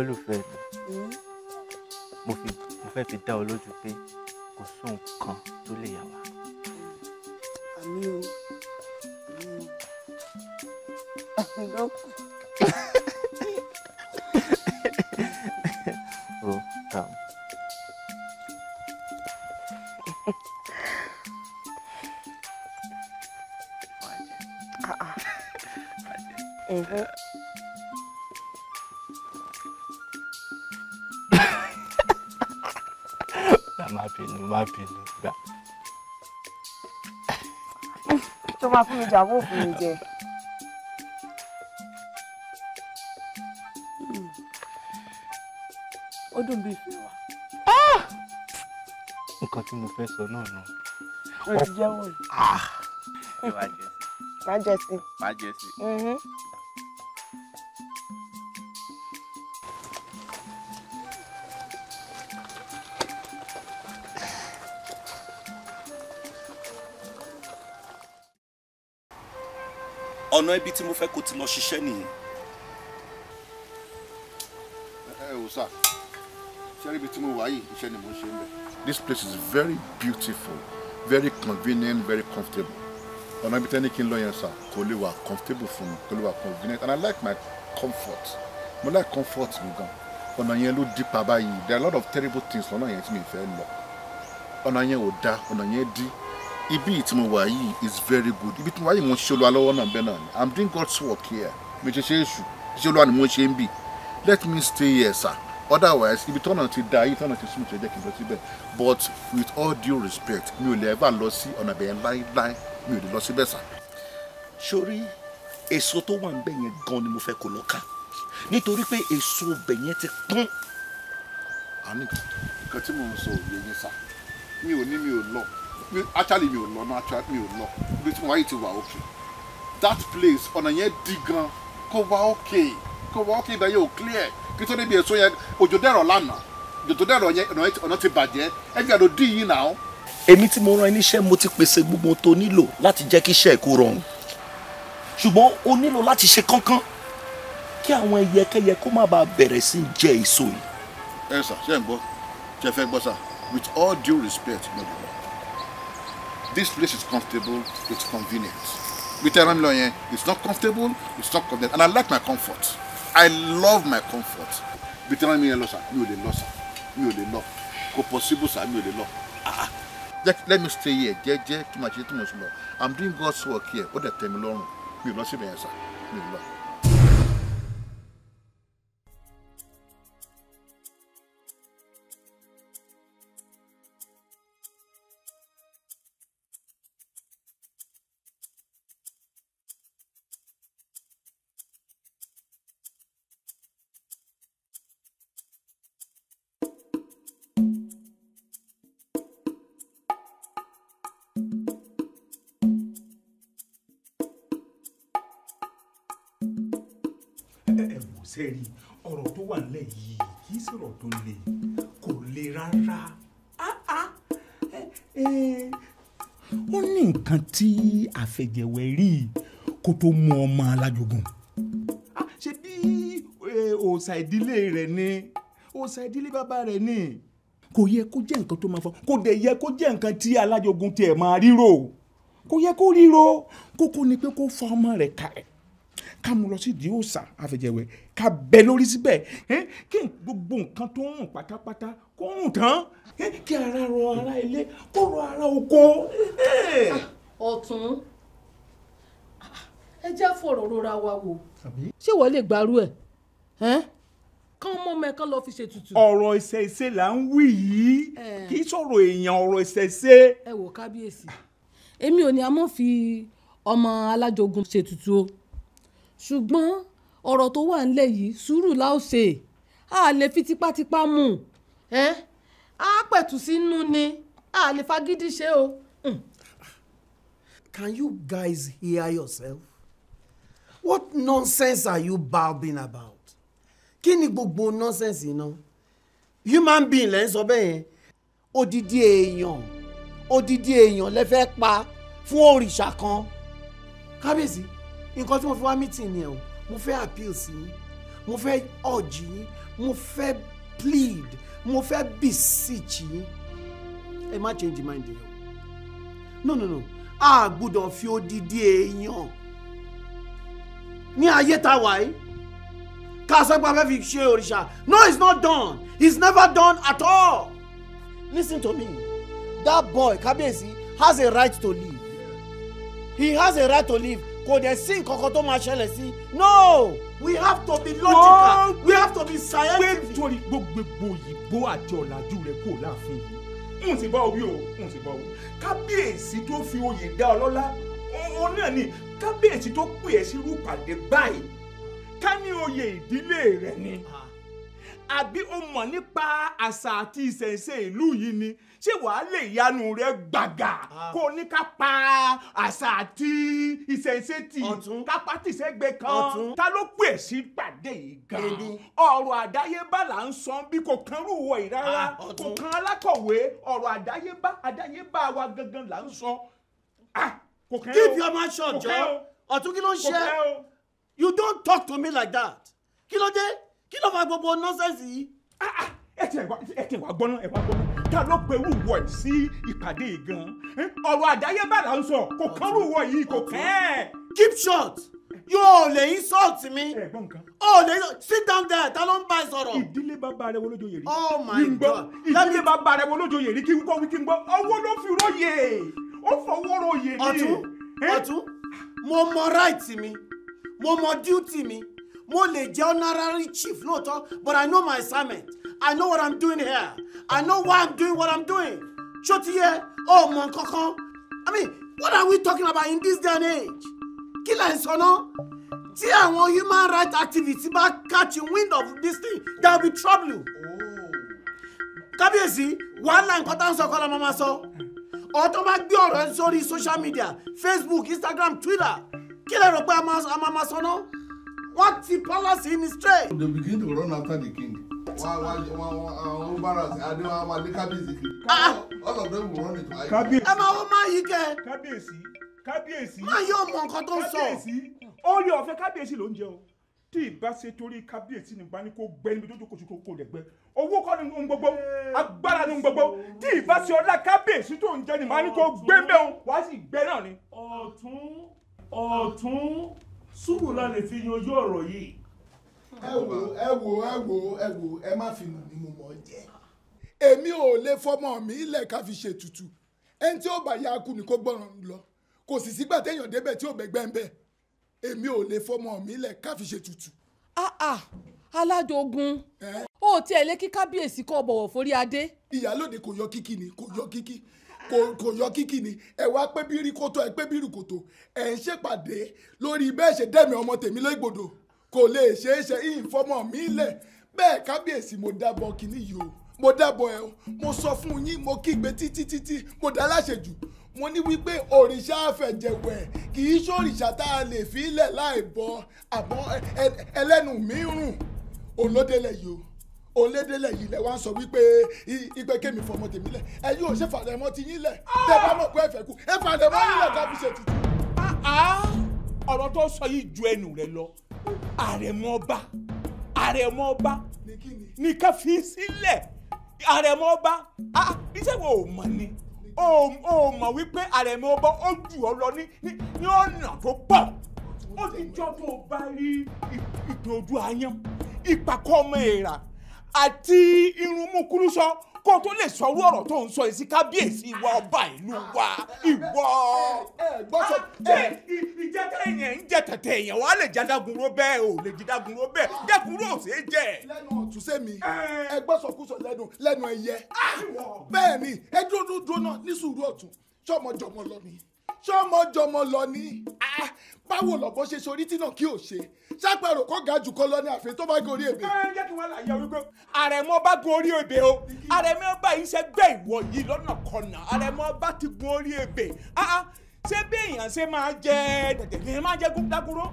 olólùfẹ́ mi mm. mo fẹ́ fi dá ọ lójú pé kò sóhun kan tó lè yà wá. fún mi jà kó fún mi jẹ. ó dùn bí ìfẹ́ wa. Ah! nǹkan tí mo fẹ́ sọ náà nù. o ti jẹ́ ah! wọ̀nyí. má jẹ sí. má jẹ sí. má jẹ sí. Mm-hmm. ọ̀nà ibi tí mo fẹ́ kó ti lọ ṣiṣẹ́ nìyẹn. ẹ ò sà ṣẹ́rí ibi tí mo wà yìí iṣẹ́ ni mo ṣe ń bẹ̀. this place is very beautiful very convenient very comfortable ọ̀nà ibi tẹ́ni kí n lọ yẹn sà kò lè wà comfortable fún mi kò lè wà convenient and i like my comfort mo like comfort mi gan ọ̀nà yẹn ló dí pa báyìí there are a lot of terrible things lọ́nà yẹn tí mi fẹ́ lọ ọ̀nà yẹn ò da ọ̀nà yẹn dí ibi tí mo is very good ibi tí mo wà yìí mo ń ṣe olúwa lọ́wọ́ náà bẹ́ẹ̀ náà ni i'm doing god's work here mi ṣe ṣe èṣù ṣe olúwa ni mo ṣe ń bì let me stay here sir otherwise ibi tọ́nà ti da yìí tọ́nà ti sùn tó jẹ́ kí n lọ síbẹ̀ but with all due respect mi ò lè ever lọ sí ọ̀nà bẹ́ẹ̀ láíláí mi ò lè lọ síbẹ̀ sà. sórí èso tó wà ń bẹ̀ yẹn gan ni mo fẹ́ kó lọ ká nítorí pé èso bẹ̀ yẹn ti pọ́n. àní nǹkan tí mò ń sọ òye yín sà mi ò ní mi ò lọ actually mi ò lọ náà actually mi ò lọ ibi tí mo wáyé ti wà òkè that place ọ̀nà yẹn di gan kó wá òkè kó wá òkè ibẹ̀ yẹn ò clear kí tó débi èso yẹn òjò dẹ̀rọ̀ lánàá òjò dẹ̀rọ̀ yẹn ọ̀nà ti bàjẹ́ ẹgbẹ́ àdó dì yín náà. èmi tí mo rán iníṣẹ́ mo ti pèsè gbogbo tó nílò láti jẹ́ kí iṣẹ́ kó rọrùn ṣùgbọ́n o nílò láti ṣe kánkán kí àwọn ẹyẹkẹyẹ kó má bàa bẹ̀rẹ̀ sí jẹ èso yìí. ẹ sà ṣe ń gbọ́ ṣe fẹ́ gbọ́ sà with all due respect no be This place is comfortable, it's convenient. With Eramilo yẹn, it's not comfortable, it's not convenient, and I like my comfort. I love my comfort. With Eramilo yẹn lọ sà, mi ò lè lọ mi ò lè lọ. Kò possible sà, mi ò lè lọ. Ah, ah. Let me stay here jẹ́jẹ́ kí n máa I'm doing God's work here, ó dẹ̀ tẹ́ mi lọ́rùn. Mi ò lọ síbẹ̀ yẹn mi ò sẹ́ẹ̀rì ọ̀rọ̀ tó wà nílẹ̀ yìí kì í sọ̀rọ̀ tó le kò le rárá ah, ah. ó ní nǹkan tí àfẹ̀jẹ̀wẹ̀ rí kó tó mú ọmọ alájogún. Ah, ṣé bí òòṣà ìdílé rẹ̀ ni òòṣà ìdílé bàbá rẹ̀ ni kò yẹ kó jẹ́ nǹkan tó máa fọ kò dẹ̀ yẹ kó jẹ́ nǹkan tí alájogún tiẹ̀ máa ríro kò yẹ kó ríro kókó ni pé kó fa ọmọ rẹ̀ kalẹ̀ ká mú lọ sí di òòsà àfẹjẹwẹ ká bẹ lórí síbẹ̀ kí gbogbo nǹkan tó ń rùn pátápátá kó rùn tán kí ara rọ ara ilé kó rọ ara oko. ọ̀tún ẹ jẹ́ fọ̀rọ̀ rora wa wò ṣé wọ́n lè gbarú ẹ̀ kán mọ́ mẹ́kán lọ́ọ́ fi ṣètùtù. ọ̀rọ̀ ìṣẹ̀ṣe là ń wí yìí kì í sọ̀rọ̀ èèyàn ọ̀rọ̀ ìṣẹ̀ṣe. ẹ wò kábíyèsí èmi ò ní a mọ̀ fi ọmọ alájogun ṣètùtù o ṣùgbọ́n ọ̀rọ̀ tó wà nílẹ̀ yìí sùúrù la ó lè fi tipátipá mú un á pẹ̀tù sínú ni a lè fagídí ṣe o. Hmm. Can you guys hear yourself? What nonsense are you babbling about? Kí ni gbogbo nonsense yìí náà? Human being lẹ́ ń sọ bẹ́ẹ̀ yẹn odidi èèyàn odidi èèyàn lẹ fẹ́ pa fún òrìṣà kan kábíyèsí nǹkan tí mo fi wá meeting yẹn o mo fẹ́ appeal sí yín mo fẹ́ urge yín mo fẹ́ plead mo fẹ́ beseech yín ẹ má change mind yẹn o no no no a gbọ́dọ̀ fi odidi èèyàn ní ayé tá a wà yìí ká sẹ́gbà fẹ́ fi ṣe òrìṣà no it's not done it's never done at all listen to me that boy kábíyèsí has a right to live he has a right to live kò dẹ̀ sí nǹkan kan tó máa ṣẹlẹ̀ sí no. we have to be logical no. we have to be scientific. pé torí gbogbogbò òyìnbó àti ọ̀làjú rẹ̀ kò láàfin yìí n sì bá wí o n sì bá wí kábíyèsí tó fi oyè dá ọ lọ́lá òun náà ni kábíyèsí tó pè é sí rúpàdé báyìí ká ní oyè ìdílé rẹ̀ ni. Ah àbí o mọ̀ nípa àṣà àti ìṣẹ̀ǹṣe ìlú yìí ni ṣé wàá lè yanu rẹ gbàgà ah. kó o ní ká pa àṣà àti ìṣẹ̀ǹṣe tì ká tìṣẹ́gbẹ́ kan ta ló pè sí pàdé yìí ọ̀rọ̀ àdáyébá là ń sọ bí kò kan rúwọ ìrárá ah, kò kan alákọ̀wé ọ̀rọ̀ àdáyébá àdáyébá wa gangan là ń sọ ah, keep your mouth shut jọ ọ̀tún kí ló ń ṣe you don't talk to me like that kí ló dé kí ló fa gbogbo nọ́sẹ̀sì yìí. Ah, ah, ẹ ti ẹ wá gbọ́ná ẹ gbọ́ná ta ló pe wúwọ ẹ sí ìpàdé yìí gan ọ̀rọ̀ àdáyébá là ń sọ kò kán wúwọ yìí kò kẹ́. keep short yóò lè insult mi o lè sit down there ta ló ń bá ẹ sọ̀rọ̀. ìdílé bàbá rẹ wọlójó yèrè. oh my god ìdílé bàbá rẹ wọlójó yèrè kí n kọ́ wí kí n gbọ́ ọwọ́ ló fi róye ó fọwọ́ róye ni. ọ̀tún ọ̀tún mo mọ right mi mo mọ duty mi mo lè jẹ́ honorary chief lóòótọ́ but I know my assignment I know what I'm doing here I know why I'm doing what I'm doing ṣó ti yẹ ọ mọ kankan I mean what are we talking about in this day and age kí lẹ̀ ń sọ náà tí àwọn human rights activists bá catch wind of this thing there will be trouble kábíyèsí wàhálà nǹkan tá à ń sọ kọ́ la máa sọ ọ̀ bá gbé ọ̀rọ̀ sórí social media Facebook Instagram Twitter kí lè rò pé a máa sọ náà wọ́n ti palace in straight. they begin to run after the king. wọ́n wá wọ́n wọ́n bára sí adéwà máa dé kábíyèsí kiri. all of them will run into high. kábíyèsí ẹ máa wọ́n máa yí kẹ́. kábíyèsí kábíyèsí. máa yọ ọmọ nǹkan tó ń sọ. kábíyèsí orí ọ̀fẹ́ kábíyèsí ló ń jẹ o tí ìbá ṣe torí kábíyèsí ni bá ní kó gbẹ níbi tó jókòó sí kó rẹ̀ gbẹ owó kọ́ ni ohun gbogbo agbára ni ohun gbogbo tí ìbá ṣe ọlá kábíyèsí tó ń jẹ ni bá ní kó gbẹ mbẹ́ o wàá sì gbẹ náà ni. ọ̀tún ọ̀tún sùúrù la lè fi yanjú ọ̀rọ̀ yìí. ẹ wo ẹ wo ẹ wo ẹ wo ẹ má fi nù ni mo mọ̀ jẹ́. èmi ò lè fọmọ mi ilẹ̀ ká fi ṣètùtù ẹni tí ó bá ya kú ni kó gbọ́ràn lọ kò sì sígbà téèyàn débẹ̀ tí ò bẹ́gbẹ́ ń bẹ̀ èmi ò lè fọmọ mi ilẹ̀ ká fi ṣètùtù. ah ah alájogun ó tiẹ̀ lé kí kábíyèsí kọ́ bọ̀wọ̀ forí adé. ìyálòde kò yọ kíkí ni kò yọ kíkí kò yọ kíkì ni ẹ wá pé bírí kótó ẹ pé bírí kótó ẹ ń ṣèpàdé lórí bẹ́ẹ̀ ṣe dẹ́mi ọmọ tèmi lẹ́gbọ̀dọ̀ kò lè ṣeé ṣe ìfọmọ mi lẹ̀ bẹ́ẹ̀ kábíyèsí mo dábọ̀ kínní yìí o mo dábọ̀ ẹ o mo sọ fún yín mo kígbe títí títí mo dá láṣejù mo ní wípé òrìṣà àfẹ̀jẹ̀wẹ̀ kì í ṣòrìṣà tá a lè fi í lẹ̀ láì bọ àmọ́ ẹlẹ́nu mi rùn òun yìí o olédèlè yìí lẹ wá ń sọ wípé ipe kémi fọmọ tèmi lẹ ẹ yóò ṣe fàdẹmọ ti yín lẹ tẹ bá mọ pé ẹ fẹ́ kú ẹ fàdẹmọ yín lẹ káfí ṣe tutù. Ah, ah. ọ̀rọ̀ tó sọ yìí ju ẹnu rẹ lọ àrẹ̀mọ ọba àrẹ̀mọ ọba nìkan fi sílẹ̀ àrẹ̀mọ ọba ah, iṣẹ́ wo ò mọ̀ ni o mọ̀ wípé àrẹ̀mọ ọba ó jù ọ lọ ní ọ̀nà tó pọ̀ ó ti jọ́ tó bá rí ìtòjú àyàn ìpàkọ́ ọmọ èèrà àti irun mú kúrú sọ kó o tó lè sọrú ọ̀rọ̀ tó ń sọ èsì kábíyèsí ìwà ọba ìlú wa ìwọ. ìjẹ́tẹ̀ èèyàn ń jẹ tẹ̀tẹ̀ èèyàn wàá lè jádagun ró bẹ́ẹ̀ ò lè jídagun ró bẹ́ẹ̀ dẹ́kun ró ò ṣeé jẹ. lẹ́nu ọ̀túnṣe mi ẹ gbọ́sọkúsọ lẹ́nu lẹ́nu ẹyẹ bẹ́ẹ̀ ni ẹ dúró dúró náà ní sùúrù ọ̀tún ṣọmọ jọmọ lọ ni sọmọjọmọ lọ ni ah, báwo lọ̀bọ ṣe sorí tí náà kí o ṣe ṣàpẹrò kọ́ ga jù kọ́ lọ ní àfẹ́ tó bá gorí èbè. ẹ jẹ́ kí wọ́n láyé wípé àrẹ̀mọ bá gun orí èbè o àrẹ̀mọ bá yìí ṣe gbé ìwọ yìí lọ́nà kọ̀nà àrẹ̀mọ bá ti gun orí èbè ah, ah, ṣé bí èèyàn ṣe máa jẹ dẹ̀dẹ̀ ni ẹ máa jẹ dákúrò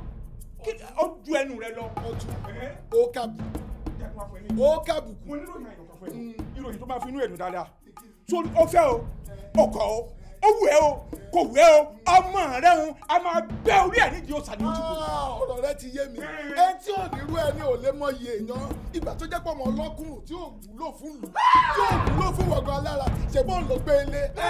ó ju ẹnu rẹ lọ. ó kàbùkù ó kàbùkù. mo nílò ìròyìn mm. tó máa fi inú ẹ̀dùn dáadáa o ó wù ẹ́ o kò wù ẹ́ o ọmọ rẹ ń a máa bẹ́ orí ẹ̀ nídìí òsà ní ojúbọ. Ah, ọ̀rọ̀ rẹ ti yé mi ẹ tí ò ní irú ẹni ò lè mọ iye èèyàn ìgbà tó jẹ́ pé ọmọ ọlọ́kùnrin tí ò wúlò fún lù tí ò wúlò fún wọ̀gàn alára ṣègbọ́n ló gbé ilé ẹ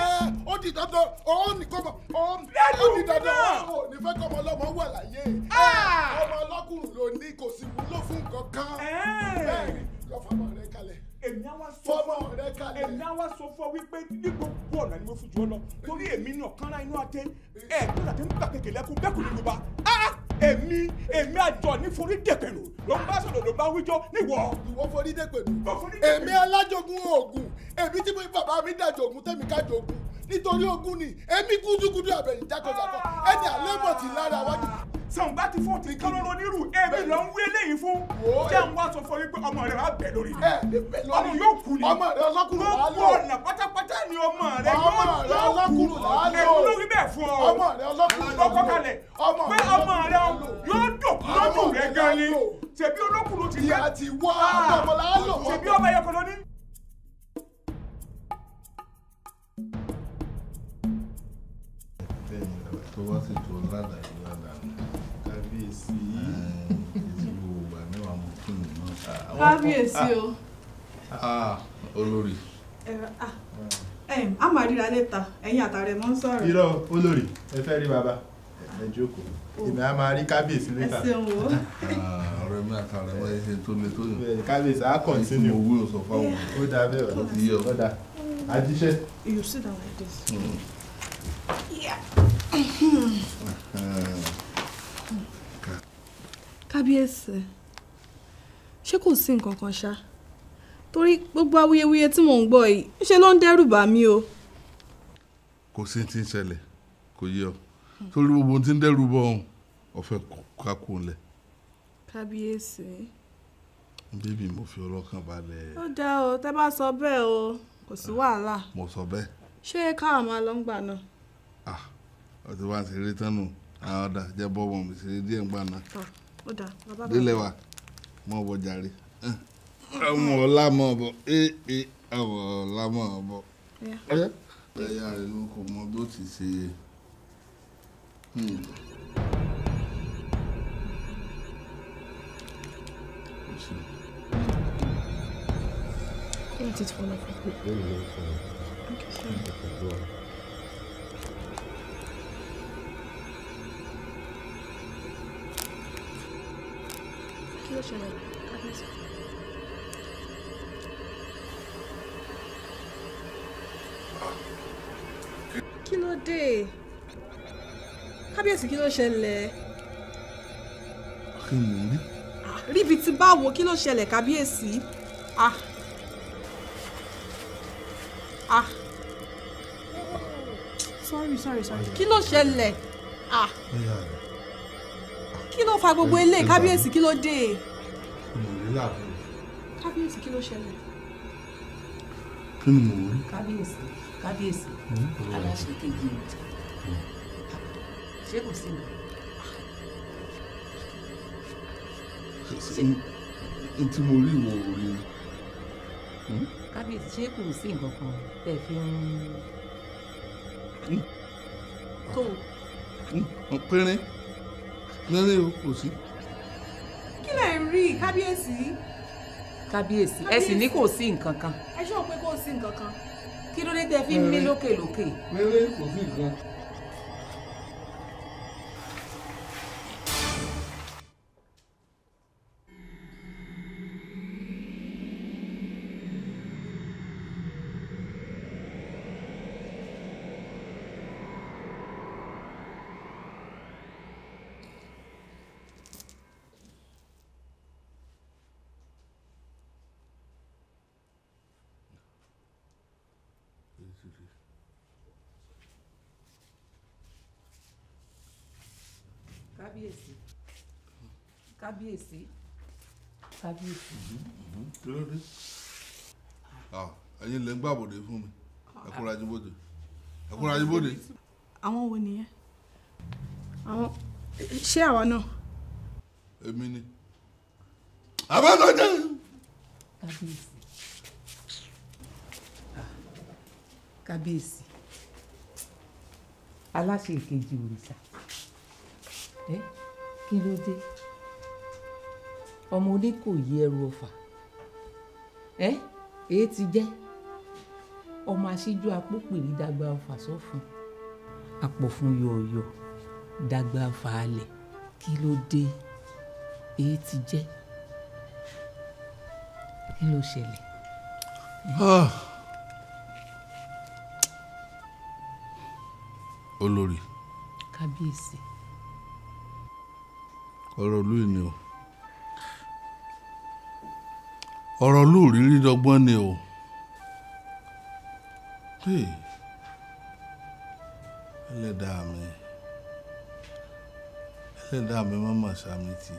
ó di dandan ọ̀hún nìkan mọ̀ ọ̀hún ó di dandan ọ̀hún ò ní fẹ́ kọ́ ọmọ ọlọ́mọ wà láyé ah! ọmọ ọlọ́kùnrin ló ní kò sì wúlò fún kankan eh! bẹ́ẹ̀ ni lọ́fọ̀ọ́mọ rẹ kalẹ̀ èmi àwa sọ fọ èmi àwa sọ fọ wípé ní gbogbo ọ̀nà ni mo fi jù ọ lọ torí èmi náà kánra inú àtẹ ẹ àti nígbà kékeré kú bẹ́ẹ̀ kò ní yorùbá èmi èmi àjọ ní forí dèpẹ̀lú ló ń bá sọ̀rọ̀ ló bá wíjọ́ níwọ̀. ìwọ forí dèpẹ̀lú èmi alájogun oògùn èmi tí bàbá mi dàjogun tẹ́mi ká jogun nítorí ogun ni èmi gúdúgúdú àbẹ̀yìn jákọ̀jákọ̀ ẹni àlébọ̀ ti lára wájú sàǹgbá ti fọ́ọ̀tì nìkan ló ronírù èmi ló ń wí eléyìí fún jẹ́ ń wá sọ fún yín pé ọmọ rẹ̀ wá bẹ̀ lórí rẹ̀ ọmọ yóò kú ni ọmọ rẹ̀ ọlọ́kùnrin wàá lò gbogbo ọ̀nà pátápátá ni ọmọ rẹ̀ yóò kú ẹ̀rù lórí bẹ́ẹ̀ fún ọ ọmọ rẹ̀ ọlọ́kùnrin lọ́kọ́ kalẹ̀ pé ọmọ rẹ̀ yóò dòkú lójú rẹ̀ gan ni ṣèbí olókùnrin ti ah, tó wá sí tó lálàá kábíyèsí o. Ah, ah, olórí. Ah, a máa ríra lẹ́ta ẹ̀yin àtàrẹ mọ́ ń sọ̀rọ̀. irọ́ olórí ẹ fẹ́ rí bàbá ẹ jókòó oh. èmi á máa rí kábíyèsí lẹ́ta. ẹ ṣeun o. ọ̀rọ̀ mi àtàrẹ mọ́ ẹ ṣe tó le tó yàn. kábíyèsí á kọ̀ntínú. mo wúlò sọ fáwọn. ó dáa bẹ́ẹ̀ ọ̀rọ̀ ti yẹ ọ. ó you sit down like this. Mm. Yeah. Hmm. kábíyèsí ṣé kò sí nǹkan kan ṣá torí gbogbo awuyewuye tí mò ń gbọ́ yìí ńṣe ló ń dẹ́rù bà mí o. kò sí ti ń ṣẹlẹ̀ kò yé ọ torí gbogbo ti ń dẹ́rù bọ ọhún ọ̀fẹ́ kákó ńlẹ̀. kábíyèsí. bíbí mo fi ọlọ́kàn balẹ̀. ó dá o tẹ́ bá sọ bẹ́ẹ̀ o kò sí ah, wàhálà. mo sọ bẹ́ẹ̀. ṣé káwọn máa lọ ń gbà náà. ah ọtí wàá ṣeré tán nù àwọn ah, ọ̀dà jẹ́ bọ́ọ̀bù mi ṣeré díẹ̀ ń gbà náà. ó dà bàbá bàbá. délẹ̀ wa mọ bọ jàre ọmọ ọlá mọ bọ ee ee ọmọ ọlá mọ bọ ẹyà rẹ ló kò mọ bí ó ti ṣe yẹ. Hmm. Let it fall off. Okay, sorry. ló ṣẹlẹ̀ kábíyèsí. kí ló dé kábíyèsí kí ló ṣẹlẹ̀. kí ni rí. Ah, ríbi kí ló ṣẹlẹ̀ kábíyèsí. ah ah sorry sorry sorry kí ló ṣẹlẹ̀ ah kí ló fa gbogbo eléyìí kábíyèsí kí ló dé. kábíyèsí kí ló ṣẹlẹ̀. kí ni mò ń rí. kábíyèsí kábíyèsí aláṣẹ kejì ìjà ṣé kò sí mi. n tí mo rí ìwọ orí ni. kábíyèsí ṣé kò sí nǹkan kan tẹ̀ fi ń. tó. pínrín lẹ́rìn o kò sí. kí lẹ̀ ń rí kábíyèsí. kábíyèsí ẹ sì ní kò sí nǹkan kan. ẹ ṣọ́ pé kò sí nǹkan kan. kí ló dé tẹ fi ń mí lókè lókè. rere kò sí nǹkan. kábíyèsí kábíyèsí kábíyèsí. Mhm, mhm. kí ló dé ah, ẹ̀yin lè ń gbàbọ̀dé fún mi ẹ̀kúnra ajíbòde ẹ̀kúnra ajíbòde. àwọn wo nìyẹn àwọn ṣé àwa náà. èmi ni abẹ́lọ́jẹ́. kábíyèsí ah, kábíyèsí aláṣẹ ìkejì òrìṣà ẹ kí ló dé ọmọ oní kò yí ẹrù ọ̀fà ẹ èé ti jẹ́ ọmọ aṣíjú apópèrè dàgbà ọ̀fà sọ́fun àpọ̀fun yọ̀ọ̀yọ̀ dàgbà ọ̀fà alẹ̀ kí ló dé èé ti jẹ́ kí ló ṣẹlẹ̀. Ah. olórí. kábíyèsí ọ̀rọ̀ ìlú ni o ọ̀rọ̀ ìlú rírí dọ́gbọ́n ni o ẹlẹ́dàá mi ẹlẹ́dàá mi mọ́mọ́ sàmì tì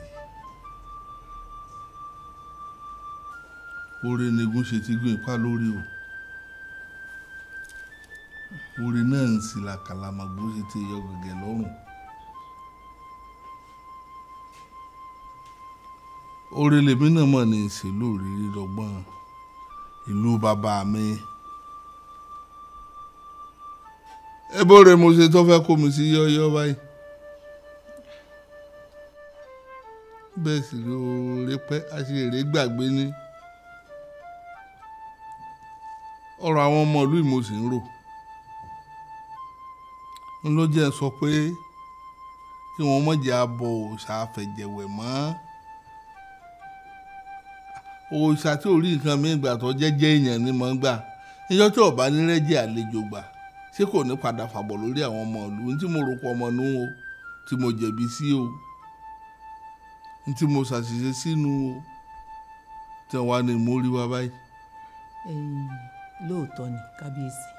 oore negun ṣe ti gún ipá lórí o oore náà ń sì làkàlà màgbó ṣe ti yọ gẹ́gẹ́ lọ́rùn. oore lèmi náà mọ̀ ní ìṣèlú òrìrì lọ́gbọ́n ìlú bàbá mi. ẹbọ rẹ mo ṣe tó fẹ́ kó mi sí yọ́yọ́ báyìí. bẹ́ẹ̀ sì ló rí pẹ́ àṣìrè gbàgbé ní ọ̀rọ̀ àwọn ọmọ ìlú ìmọ̀sí ń rò ń ló jẹ́ sọ pé kí wọ́n mọ̀jẹ̀ abọ̀ òòṣà fẹ̀jẹ̀wẹ̀ mọ́ òòṣà tí ò rí nǹkan mi gbà tó jẹ́jẹ́ èèyàn ni mò ń gbà níjọ́ tí ọ̀bá nírẹ́jẹ́ àlejò gbà ṣé kò ní padà fàbọ̀ lórí àwọn ọmọ ìlú ní tí mo rò pọ̀ ọmọ nú o tí mo jẹ̀bi sí o ní tí mo ṣàṣìṣe sínú o tí wàá ní mo rí wa báyìí. lóòótọ́ ni kábíyèsí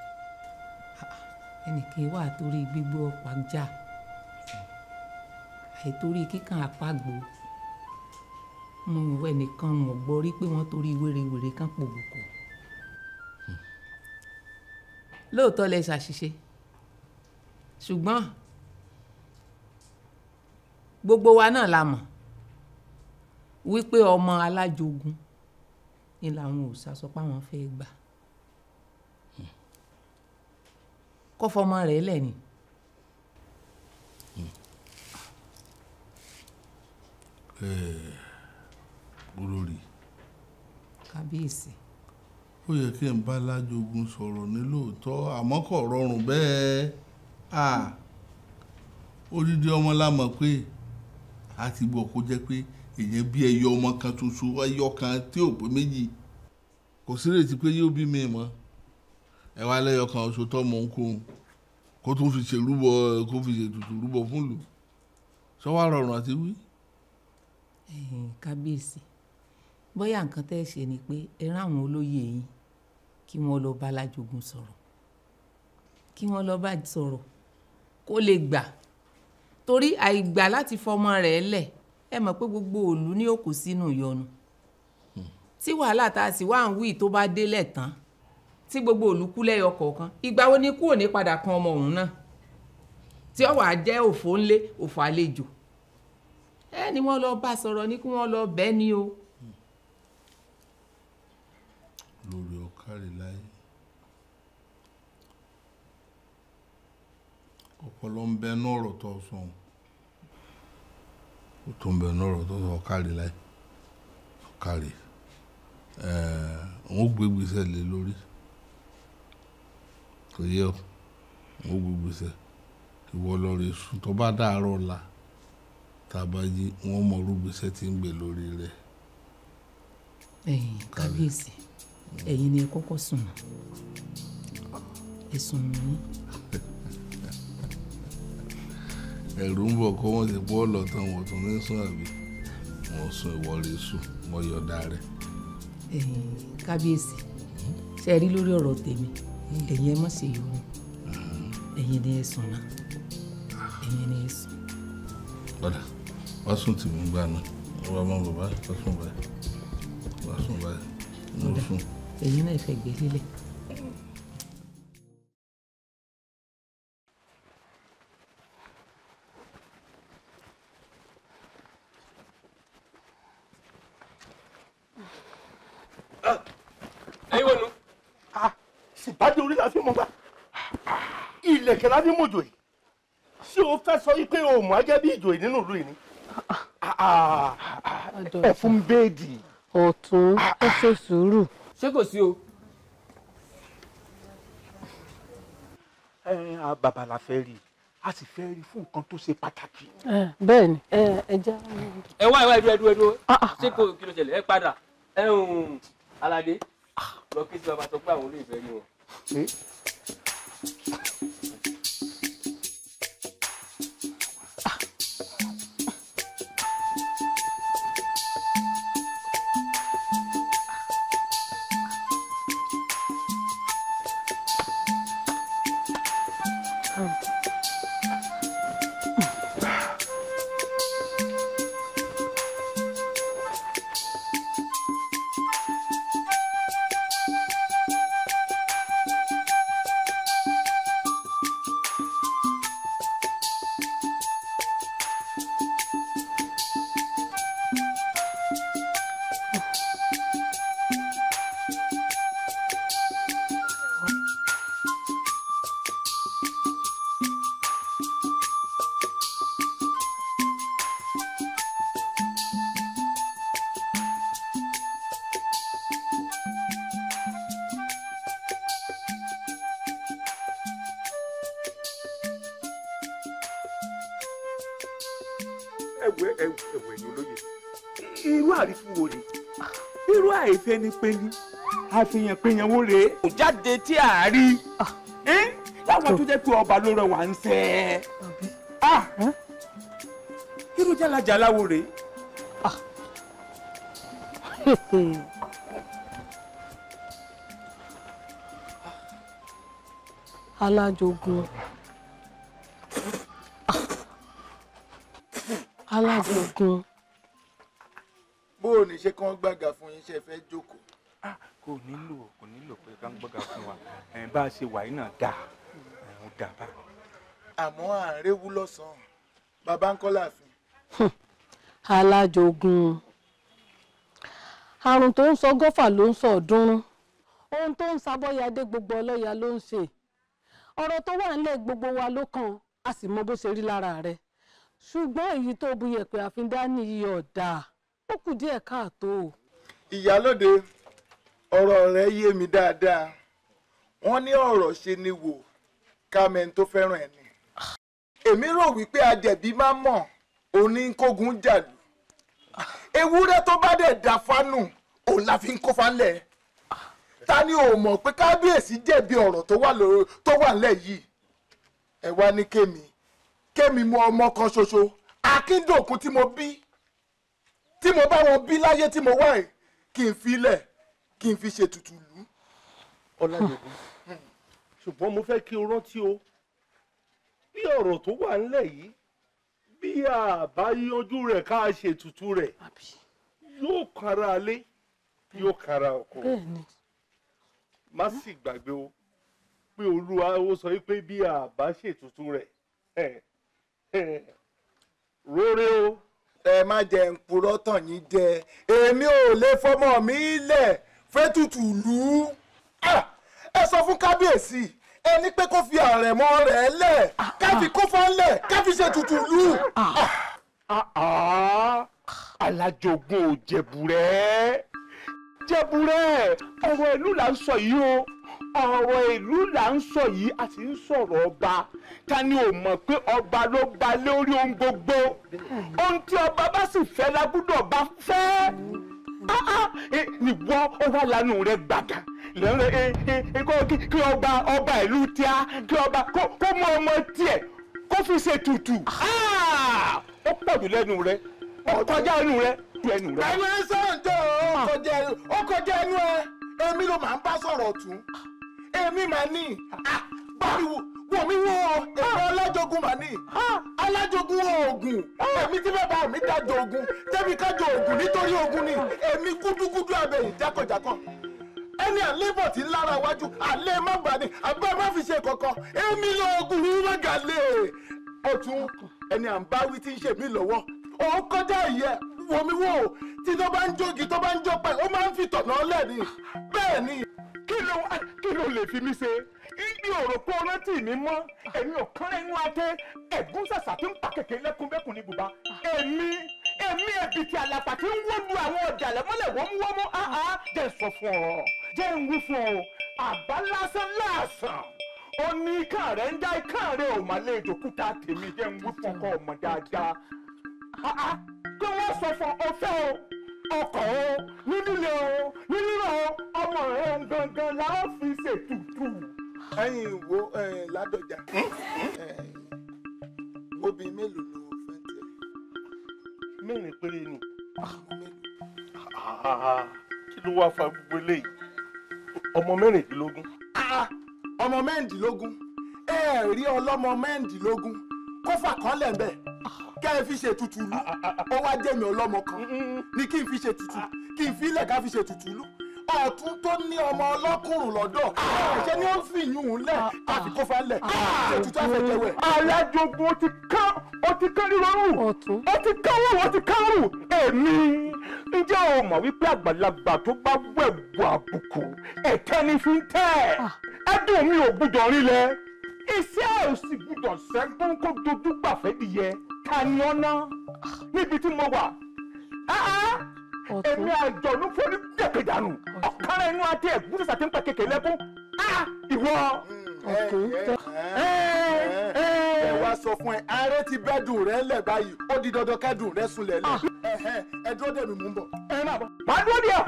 ẹnìkan wà torí gbígbó ọ̀pá já àìtórí kíkan àpagbò mo wọ ẹnìkan mọ̀ gbọ́ rí pé wọ́n torí wèrèwèrè kan pòbùkù. lóòótọ́ lẹ ṣàṣìṣe ṣùgbọ́n gbogbo wa náà la mọ̀ wípé ọmọ alájogun ni làwọn ò sá sọ pé àwọn fẹ́ gbà kọ́fọ́mọ rẹ̀ lẹ̀ ni. Hmm. Eh olórí. kábíyèsí. ó yẹ kí n bá lájogun sọ̀rọ̀ ní àmọ́ kò rọrùn bẹ́ẹ̀ odidi ọmọ la pé a ti bọ̀ kó jẹ́ pé èèyàn bí ẹyọ ọmọ kan tuntun ẹyọ kan tí ò pé méjì kò sírètí pé yóò bí mi mọ́ ẹ wá lẹ́yọ kan oṣù tó mọ̀ ń kó kó tún fi ṣe rúbọ kó fi ṣe tutù rúbọ fún lò sọ wá rọrùn àti wí. kábíyèsí bóyá nǹkan tẹ́ ẹ ṣe ni pé ẹ rán àwọn olóyè yín kí wọ́n lọ bá alájogun sọ̀rọ̀ kí wọ́n lọ bá sọ̀rọ̀ kó lè gbà torí àìgbà láti fọmọ rẹ̀ lẹ̀ ẹ mọ̀ pé gbogbo òòlù ni ó kù sínú ìyọnu hmm. tí wàhálà tá a sì wá ń wí tó bá délẹ̀ tán tí gbogbo òòlù kú lẹ́yọ kọ̀ọ̀kan ìgbà wo ni kú òní padà kan ọmọ òun náà tí ó wàá jẹ́ òfò ńlé òfò àlejò ẹ ni wọ́n lọ bá sọ̀rọ̀ ni kí wọ́n lọ bẹ́ẹ̀ ni o lórí ọ̀kànrẹ̀láyé. Ọ̀pọ̀lọ ń bẹ nínú ọ̀rọ̀ tó sọ un. Ó tún bẹ sọ eh, gbé lé lórí. Kò ọ, n gbé ìgbésẹ̀. Ìwọ lọ sùn, tó bá dàárọ̀ ọ̀la, tà bá wọn mọ tí ń gbé ẹ̀yin ni ẹ kọ́kọ́ sùn ẹ sùn mí. ẹ̀rù ń bọ̀ kọ́ wọ́n ti bọ́ ọ̀lọ́ tán wọ́n tún ní sùn àbí wọ́n sùn ìwọlé sùn wọ́n yọ̀dá rẹ̀. ẹ̀yin kábíyèsí ṣe rí lórí ọ̀rọ̀ tèmi ẹ̀yin ẹ má ṣe yọ̀ọ́ ẹ̀yin ni ẹ sùn náà ẹ̀yin ni ẹ sùn. ọ̀dà wá sùn tì gbà náà wọ́n bá mọ bàbá wá sùn báyìí wá sùn báyìí mo sùn ẹ̀yin náà ṣe gbé sílẹ̀. ẹ̀yin wo nu. ṣèbájú ah, orí la fi mọ gbà ilẹ̀kẹ̀ la fi mọ òjò yìí ṣé o fẹ́ sọ pé o mọ̀ gẹ́gẹ́ bí ìjòyè nínú ìlú yìí ni. Ah, ah, ẹ fún bẹ́ẹ̀dì. ọ̀tún ẹ ṣe sùúrù ṣé kò sí o. ẹ bàbá fẹ́ rí a sì fẹ́ rí fún nǹkan tó ṣe pàtàkì. bẹ́ẹ̀ ni ẹ já. ẹ wá ìwà ìdúró ìdúró ìdúró ah, ah. ṣé kò kí ló ṣẹlẹ̀ ẹ padà ẹ ń um, aládé lọ kí sí bàbá sọ pé àwọn olóyè fẹ́ rí wọn. irú àrífín wo rèé irú àìfẹ́ ni pé ní àfihàn péyàn wo rèé kò jáde tí a rí ah. láwọn tó jẹ́ pé ọba ló rẹwà ń sẹ́ ah. ẹ́ irú jálajàlá wo rèé. Ah. alájogun alájogun bó o ní ṣe kí wọ́n gbàgà fún yín ṣe fẹ́ jókòó. Ah, kò nílò kò nílò pé ká ń fún wa bá a ṣe wàyí náà dà ó dà bá. àmọ́ àárẹ̀ wú lọ́sàn-án bàbá ń kọ́ láàfin. alájogun àrùn tó ń sọ gọ́fà ló ń sọ ọ̀dúnrún ohun tó ń sabọ́yadé gbogbo ọlọ́ya ló ń ṣe ọ̀rọ̀ tó wà nílẹ̀ gbogbo wa ló kàn á sì mọ bó ṣe rí lára rẹ̀ ṣùgbọ́n èyí tó bu yẹ̀pẹ̀ àfindá ní iyọ̀ dáa ó kù díẹ̀ káàtó o. ìyálóde ọ̀rọ̀ rẹ yé mi dáadáa wọ́n ní ọ̀rọ̀ ṣe ni wò kámẹ́ni tó fẹ́ràn ẹ̀ ni. èmi rò wípé ajẹ̀bí máa mọ̀ òní kógun jàlù ewúrẹ́ tó bá dẹ̀ dá fánù òun la fi ń kó fánlẹ̀ ta ni ò mọ̀ pé kábíyèsí jẹ̀bi ọ̀rọ̀ tó wà lẹ̀ yìí ẹ wá ní kémi kémi mu ọmọ kan ṣoṣo akíndòkun tí mo bí tí mo bá wọn bí láyé tí mo wà yìí kí n fi lẹ̀ kí n fi ṣe tutù lù. ọ̀làjọ̀gbọ́n ṣùgbọ́n mo fẹ́ kí o rántí o bí ọ̀rọ̀ tó wà ńlẹ̀ yìí bí àbá yanjú rẹ̀ ká ṣètùtù rẹ̀ yóò kára alé yóò kára ọkọ má sì gbàgbé o pé olúwa ó sọ pé bí àbá ṣètùtù rẹ̀ róré o ẹ má jẹ́ ń purọ́ tàn yín jẹ èmi ò lè fọmọ mi lẹ̀ fẹ́tùtù lù ú ẹ sọ fún kábíyèsí ẹni pé kó fi àrẹ̀mọ rẹ̀ lẹ̀ káfi kó fọ́n lẹ̀ káfi ṣe tutù lù. alájogún ò jẹ̀bù rẹ̀ jẹ̀bù rẹ̀ ọ̀rọ̀ ìlú là ń sọ yìí o ọ̀rọ̀ ìlú là ń sọ yìí a sì ń sọ̀rọ̀ ọba ta ni ò mọ̀ pé ọba ló gba lórí ohun gbogbo ohun tí ọba bá sì fẹ́ la gbọ́dọ̀ bá fẹ́ ah, ah, eh, nìwọ ọwọ́ lanu rẹ gbàgà eh, eh, kí ọba ọba ìlú tíá kí ọba kó mọ ọmọ tiẹ̀ kó fi ṣe tutù ah, ó pọ̀ jù lẹ́nu rẹ ọkọjá ẹnu rẹ tu ẹnu rẹ. àwọn ẹsẹ̀ ń tẹ̀ ọ́ kọjá ẹnu ẹ èmi ló máa ń bá sọ̀rọ̀ ọ̀tún èmi mà ní pariwo wo, mí wò ó èrò alájogun mà ní alájogun oògùn èmi tí bàbá mi dájọ ogun tẹ́bi kájọ oògùn nítorí ogun ni èmi gúdúgúdú abẹ́yìn jákọ̀jákọ̀ ẹni àlébọ̀ tí ń lára wájú àlẹ́ má bà ní abẹ́ má fi ṣe kankan èmi lọ́ọ́gùn rú mọ́gàlè ọ̀tún ẹni à ń bá wí tí ń ṣe mí lọ́wọ́ òun kọjá mi wòmíwò tí tó bá ń jógi tó bá ń jọ pẹ́ ó máa ń fi tọ̀nà lẹ́ni bẹ́ẹ̀ ni kí ló kí ló lè fi mí ṣe ibi ọ̀rọ̀ kó rántí mi mọ́ ẹ̀mí ọ̀kan ẹnu adé ẹ̀gún sàṣà tí ń pa kẹ̀kẹ́ lẹ́kùnbẹ́kùn ní bùbá èmi èmi ẹ̀bì tí àlàpà tí ń wọ́lu àwọn ọjà lẹ́mọ́lẹ̀ wọ́múwọ́mú áhà ah, ah, jẹ́ ń sọ fún ọ jẹ́ ń wú fún ọ àbá lásán láàsàn ó ní ikán rẹ̀ ń já ikán rẹ̀ ò má lè dòkúta tèmi jẹ́ ń wú fún ọkọ ọmọ dáadáa ah, kí wọ́n sọ fún ọ fẹ́ o ọkọ̀ o ní líle o ní rírọ̀ o ọmọ rẹ̀ gangan la ó fi ṣètùtù. ẹ̀yin wo ládọjà obì mélòó ló fẹ́ tiẹ̀. mẹ́rin péré ni ah, ah, kí ló wáá fa gbogbo eléyìí ọmọ mẹ́rìndínlógún. Ah, ọmọ mẹ́rìndínlógún ẹ̀ẹ́rí ọlọ́mọ mẹ́rìndínlógún kọ́fà kan lẹ̀ bẹ́ẹ̀ kẹ́ ẹ fi ṣe tutù lú ó wá jẹ́mi ọlọ́mọ kan ni kí n fi ṣe tutù kí n fi ká fi ṣe tutù lú ọ̀tún tó ní ọmọ ọlọ́kùnrin lọ́dọ̀ ṣe ni ó ń fi yún lẹ̀ káfí kó lẹ̀ ṣètùtù àfẹjẹwẹ̀. alájogun ó ti kán ó ti kán rírọ́rùn ó ti kán rùn ó ti kán rùn èmi ǹjẹ́ o mọ̀ wípé àgbàlagbà tó bá wẹ̀wù àbùkù ẹ̀tẹ́ fi ń tẹ̀ ẹ́ ah. dùn mí ò gbúdọ̀ rí lẹ̀ iṣẹ́ ò sì gbúdọ̀ sẹ́gbọ́n kó dojú gbàfẹ́ dìyẹ ta ni ọ̀nà níbi tí mo wà èmi àjọ̀nú forí dẹ̀kẹ̀ dànù inú adé ẹ̀gbọ́n sísà ń pa kékeré lẹ́kún ìwọ. ẹ wá sọ fún ẹ ààrẹ ti bẹ́dùn rẹ lẹ̀ báyìí ó di dandan kẹ́dùn rẹ sunlẹ̀ lẹ̀ ah. ẹ dúró dè mí mú bọ̀. màá dúró dè ọ́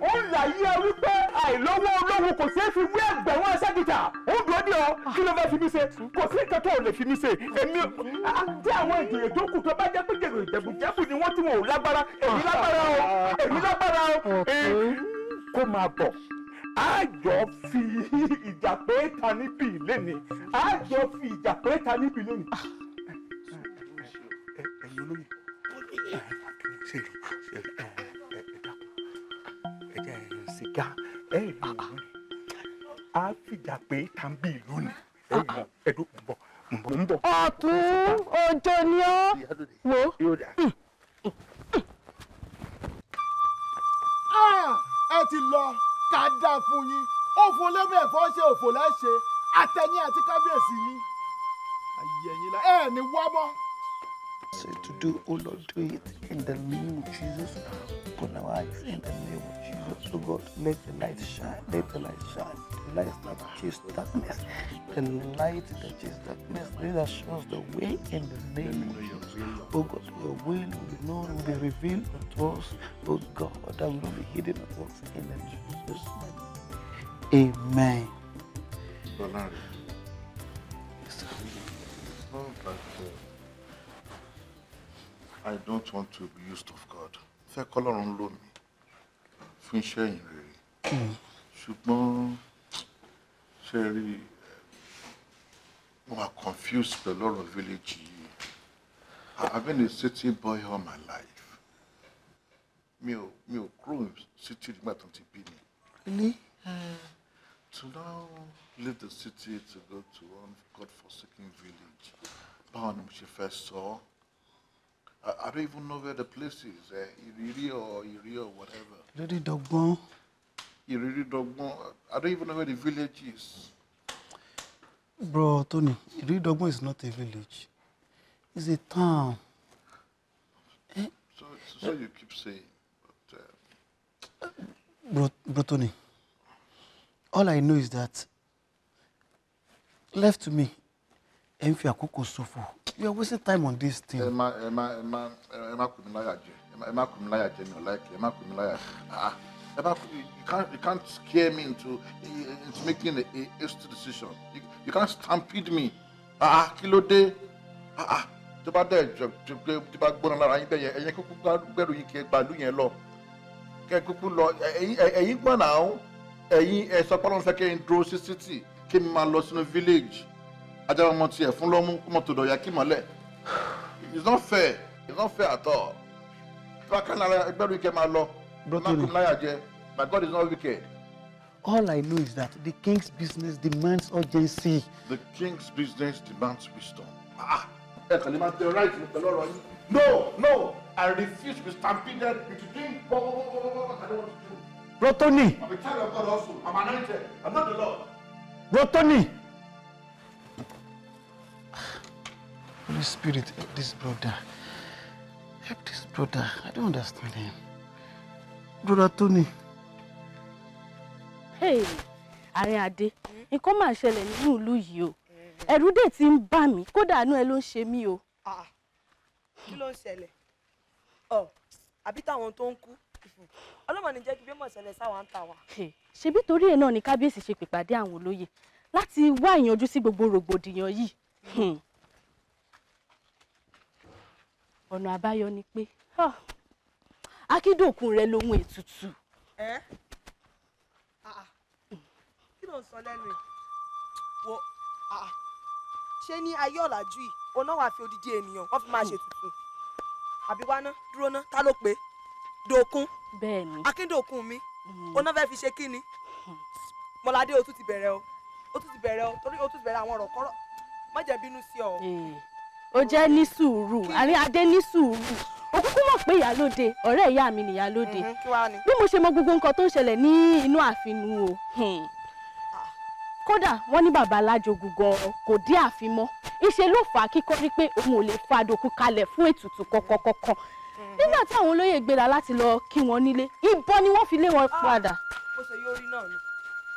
ó là yí ẹ wípé àìlówó olówó kò ṣeé fi wé ẹgbẹ̀rún ẹsẹ́gìtà ó dúró dé ọ kí ló fẹ́ fi mí ṣe kò sí nǹkan tó lè fi mí ṣe èmi àti àwọn ìjòyè tó kù tó bá jẹ́ pé jèrè ìjẹ̀bùjẹ̀bù ni wọ́n ti wọ̀ lágbára èmi lágbára o èmi lágbára o kó máa bọ̀ àjọ fi ìjà pé ta níbí lẹ́ni àjọ fi ìjà pé ta níbí lẹ́ni. ẹ̀yin olóyè ṣe ṣe ẹ ìjà ẹ ìlú a fìjà pé tàbí ìlú ni ẹdùn bọ bọ. ọ̀tún òjò ni ó wò. Mm. Ah, ẹ ti lọ ká dáa fún yín òfò lẹ́mú ẹ̀fọ́ ṣe òfò lẹ́ṣẹ̀ àtẹ̀yìn àti kábíyèsí yín ayẹyìn ní wá mọ́. do, oh Lord, do it in the name of Jesus. Open our eyes in the name of Jesus, oh God. Let the light shine, let the light shine. The light that chases darkness, the light that chases darkness, the that shows the way in the name of Jesus. Oh God, your will will be known, and be revealed unto us, oh God, that will be hidden unto us in the name of Jesus. Amen. I don't want to be used of God. Fẹ́ kọ́lọ́run lò mí fún iṣẹ́ ìyìn rere. Ṣùgbọ́n ṣe rí mo wà confused pẹ̀lú ọ̀rọ̀ village yìí. I've been a city boy all my life. Mi ò mi ò kúrò city nígbà tó ti bí mi. Really? Mm. To now leave the city to go to one God-forsaken village. Báwo ni mo ṣe fẹ́ sọ ọ́? I, I don't even know where the place is, uh, Iriri or Iri or whatever. Iriri Dogbon. Iriri Dogbon. I don't even know where the village is. Bro, Tony, Iriri Dogbon is not a village. It's a town. Eh? So, so, you keep saying. But, uh... bro, bro, Tony, all I know is that left to me, ẹ ń fi àkókò we are wasting time on this thing. ẹ má ẹ má ẹ má ẹ má kù mí láyà jẹ ẹ má kù mí láyà jẹ mi ò láìkì ẹ má kù mí láyà jẹ ẹ ah, má you can't you can't scare me into into making a a hasty decision you, you can't stampede me ah kí ló dé ah, ah tó bá dẹ̀ jọ jọ pé tó bá gbóná lára yín bẹ́ẹ̀ yẹn ẹ̀yẹ kúkú gbẹ́rù yín kí ẹ gbàlú yẹn lọ kẹ kúkú lọ ẹ̀yin gbọ́n náà ẹ̀yin ẹ̀ sọ pé ọlọ́run fẹ́ kí n dúró sí city kí n máa lọ sínú village ajá ọmọ tiẹ̀ fún lọ́mú ọmọ tòdò ya kí mọ́lẹ̀ it's not fair it's not fair at all bákan náà ẹgbẹ́rún ike máa lọ mákùn láyà jẹ my God is not wicked. All I know is that the king's business demands urgency. The king's business demands wisdom. Ah! ẹ kàn lè máa tẹ right mi pẹ̀lú ọ̀rọ̀ yín. No, no, I refuse to be stampeded into doing what, what, what, what, what I don't want to do. Rotoni. I'm a child of God also. I'm anointed. I'm not the Lord. Rotoni. Holy Spirit, help this brother. Help this brother. I don't understand him. Brother Tony. Hey, Ààrẹ Adé, nǹkan máa ṣẹlẹ̀ nínú ìlú yìí o. Ẹ̀rù dẹ̀ ti ń bà mí, kódà àánú ẹ ló ń ṣe mí o. Ah, ah. Kí ló ń ṣẹlẹ̀? Ọ̀ oh, àbí táwọn tó ń kú. Ọlọ́mọ ní jẹ́ kí bí mọ̀ ṣẹlẹ̀ sáwọn ń tà wá. Ṣebí torí ẹ̀ náà ni kábíyèsí ṣe pèpàdé àwọn olóyè láti wá ìyanjú sí gbogbo rògbòdìyàn yìí. Hmm ọ̀nà àbáyọ ni pé akíndòkun rẹ lohun ètùtù. ẹ ah, kí ló ń sọ lẹ́nu yìí wo ah, ṣé ní ayé ọ̀làjú yìí oná wàá fi odidi ènìyàn wọ́n fi máa ṣètùtù àbí wá ná dúró ná ta ló pé dòkun akíndòkun mi oná hmm. fẹ́ fi ṣe kí ni mọ́ládé o tún ti bẹ̀rẹ̀ o o tún ti bẹ̀rẹ̀ o torí o tún ti bẹ̀rẹ̀ àwọn ọ̀rọ̀ kọ́rọ̀ má jẹ́ bínú sí ọ ó jẹ́ ní sùúrù àrí adé ní sùúrù ó kúkú mọ̀ pé ìyálóde ọ̀rẹ́ ìyá mi nìyálóde bí mo ṣe mọ gbogbo nǹkan tó ń ṣẹlẹ̀ ní inú ààfin o hmm. kódà wọ́n ní bàbá alájogun gan kò dé ààfin mọ́ ìṣe ló fà á kíkọ́ rí pé òun ò lè fa àdòkú kalẹ̀ fún ètùtù kọ̀kọ̀kọ̀kan nígbà tí àwọn olóyè gbéra láti lọ kí wọn nílé ìbọn ni wọ́n fi lé wọn ah, padà. mo ṣe yóò rí náà ni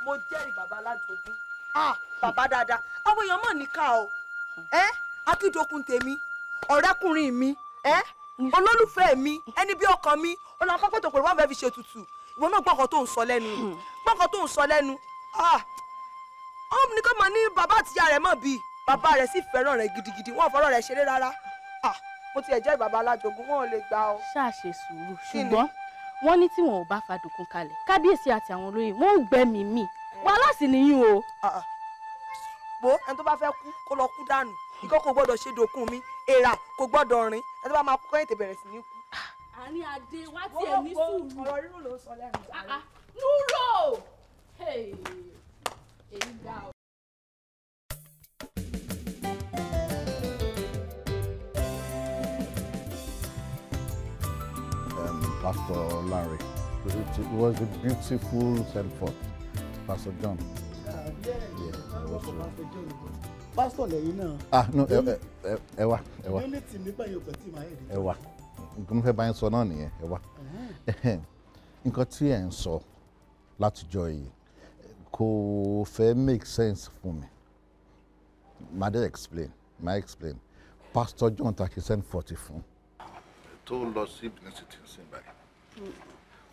mo jẹ́rìí bàbá alájogun ah, bàbá dáadáa àwọn èèyàn mọ̀ níkà o ẹ́ akíndokun tèmi ọ̀rẹ́kùnrin mi ẹ́ olólùfẹ́ mi ẹni bí ọkàn mi ọ̀nà àkọ́kọ́ tó pèrè wọ́n fẹ́ fi ṣe tutù ìwọ náà gbọ́kàn tó ń sọ lẹ́nu hmm. gbọ́kàn tó ń sọ lẹ́nu ọ̀hún ah! nìkan máa ní bàbá àtìyá rẹ̀ mọ̀ bíi bàbá rẹ̀ sì fẹ́ràn rẹ̀ gidigidi wọ́n fọ́rọ̀ rẹ̀ ṣeré rárá ah! mo tiẹ̀ jẹ́ bàbá alájogún wọn ò lè gbà ọ́. ṣáàṣe sùúrù ṣùgbọ́n wọ́n ní tí wọn ò bá fàdùkún kalẹ̀ kábíyèsí àti àwọn olóyè wọ́n ń gbẹ́mìí mi wàhálà sì nìyí o. Ah, wo ẹni tó bá fẹ́ kú kó lọ kú dànù ikọ́ kò gbọ́dọ̀ ṣe dòkun mi èèrà kò gbọ́dọ̀ rìn ẹni bá máa kú kẹ́yìn tèbẹ̀rẹ̀ sí ní kú. àárín adé wá tiẹ̀ ní sùúrù ọ̀rọ̀ rírò ló sọ lẹ́nu. Ah, ah, núrò èyí dá o. Um, Pastor Larry, it, was a beautiful send forth. Pastor John. Uh, yeah, yeah, yeah, yeah, yeah, yeah, pásítọ̀ lẹ́yìn náà. ah no ẹ ẹ ẹ wa ẹ wa unity nígbà yóò pẹ̀ tí màá yẹ̀ dé. ẹ wa nǹkan mo fẹ́ bá yín sọ náà nìyẹn ẹ wa nǹkan tí ẹ̀ ń sọ látijọ́ yìí kò fẹ́ make sense fún mi màá dé explain màá explain pastor John takisen forty fún. tó lọ sí Benin City sí báyìí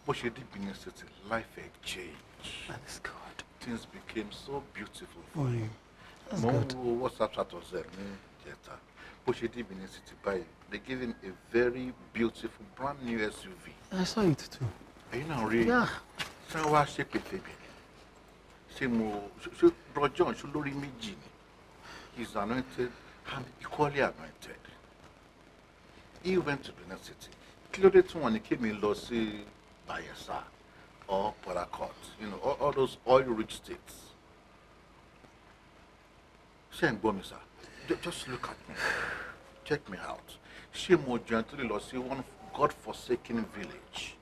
bó ṣe dé Benin City life had changed. that is good. things became so beautiful for him. Mm mo ń wo whatsapp status ẹ̀ ní ìjẹta city báyìí they give him a very beautiful brand new suv. i saw it too. èyí náà rí ṣé wàá ṣe pèsè bẹ̀rẹ̀ ṣé mo so Bro John, lórí méjì ni he is anointed and equally anointed he went to Benin City Clearly, ló dé tí wọ́n ní kémi lọ or Port Harcourt you know all, all those oil rich states ṣe ń gbọ́ mi sá just look at me check me out ṣé more gently, tó lè one god forsaken village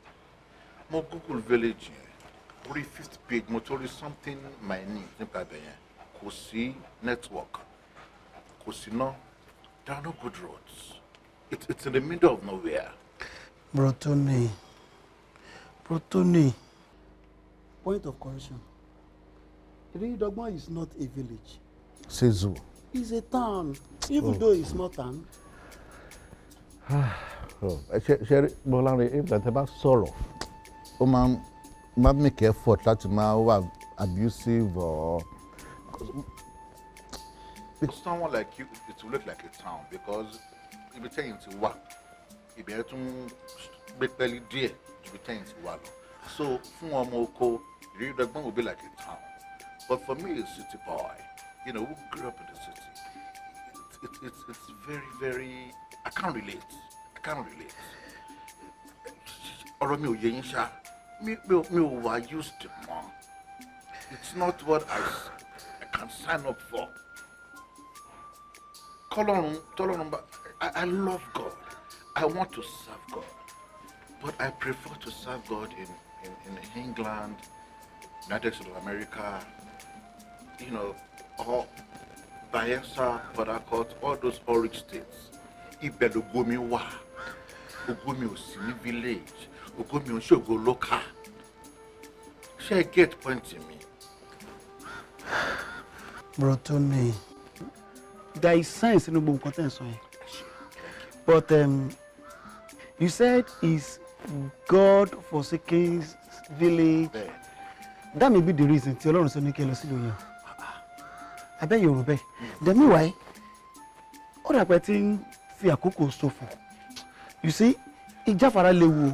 More google village yẹn orí fifth page mo tó something my need nípa ibẹ̀ network Kusi no. there are no good roads it, it's in the middle of nowhere. brotoni brotoni point of correction irinidọgbọn is not a village. Sezu. It's a town, even oh. though it's not town. ṣe Bọ́láre ìgbà tẹ́ about sọ̀rọ̀ ó máa máa make effort that my wà abusive or. because someone like you it will look like a town because be ibi to ti wà be tún to be díẹ̀ dear to be ti to lọ so fún ọmọ oko ìrírí dọ́gbọ́n will be like a town but for me it's city boy. you know, who grew up in the city, it's, it's, it's very, very, I can't relate. I can't relate. Or me, ò yé yín ṣá, mi ò It's not what I, I can sign up for. Kọ́lọ́run tọ́lọ́run I love God. I want to serve God. But I prefer to serve God in, in, in England, United States of America, you know, or Bayelsa, Parakot, all those orange states. Ibẹ̀ lògo mi wà. Ògo mi ò sí ní village. Ògo mi ò ṣe local. Ṣé ẹ get point mi? Bro Tony, there is sense nínú gbogbo nǹkan tẹ̀ sọ yẹn. But um, you said is God-forsaken village. That may be the reason tí Ọlọ́run sọ ní kí ẹ lọ sílùú yẹn abẹ́ yorùbá ẹ̀ dẹ̀mí wáyé ó dàpẹ́ tí ń fi àkókò ṣòfò you see ìjáfara léwu o.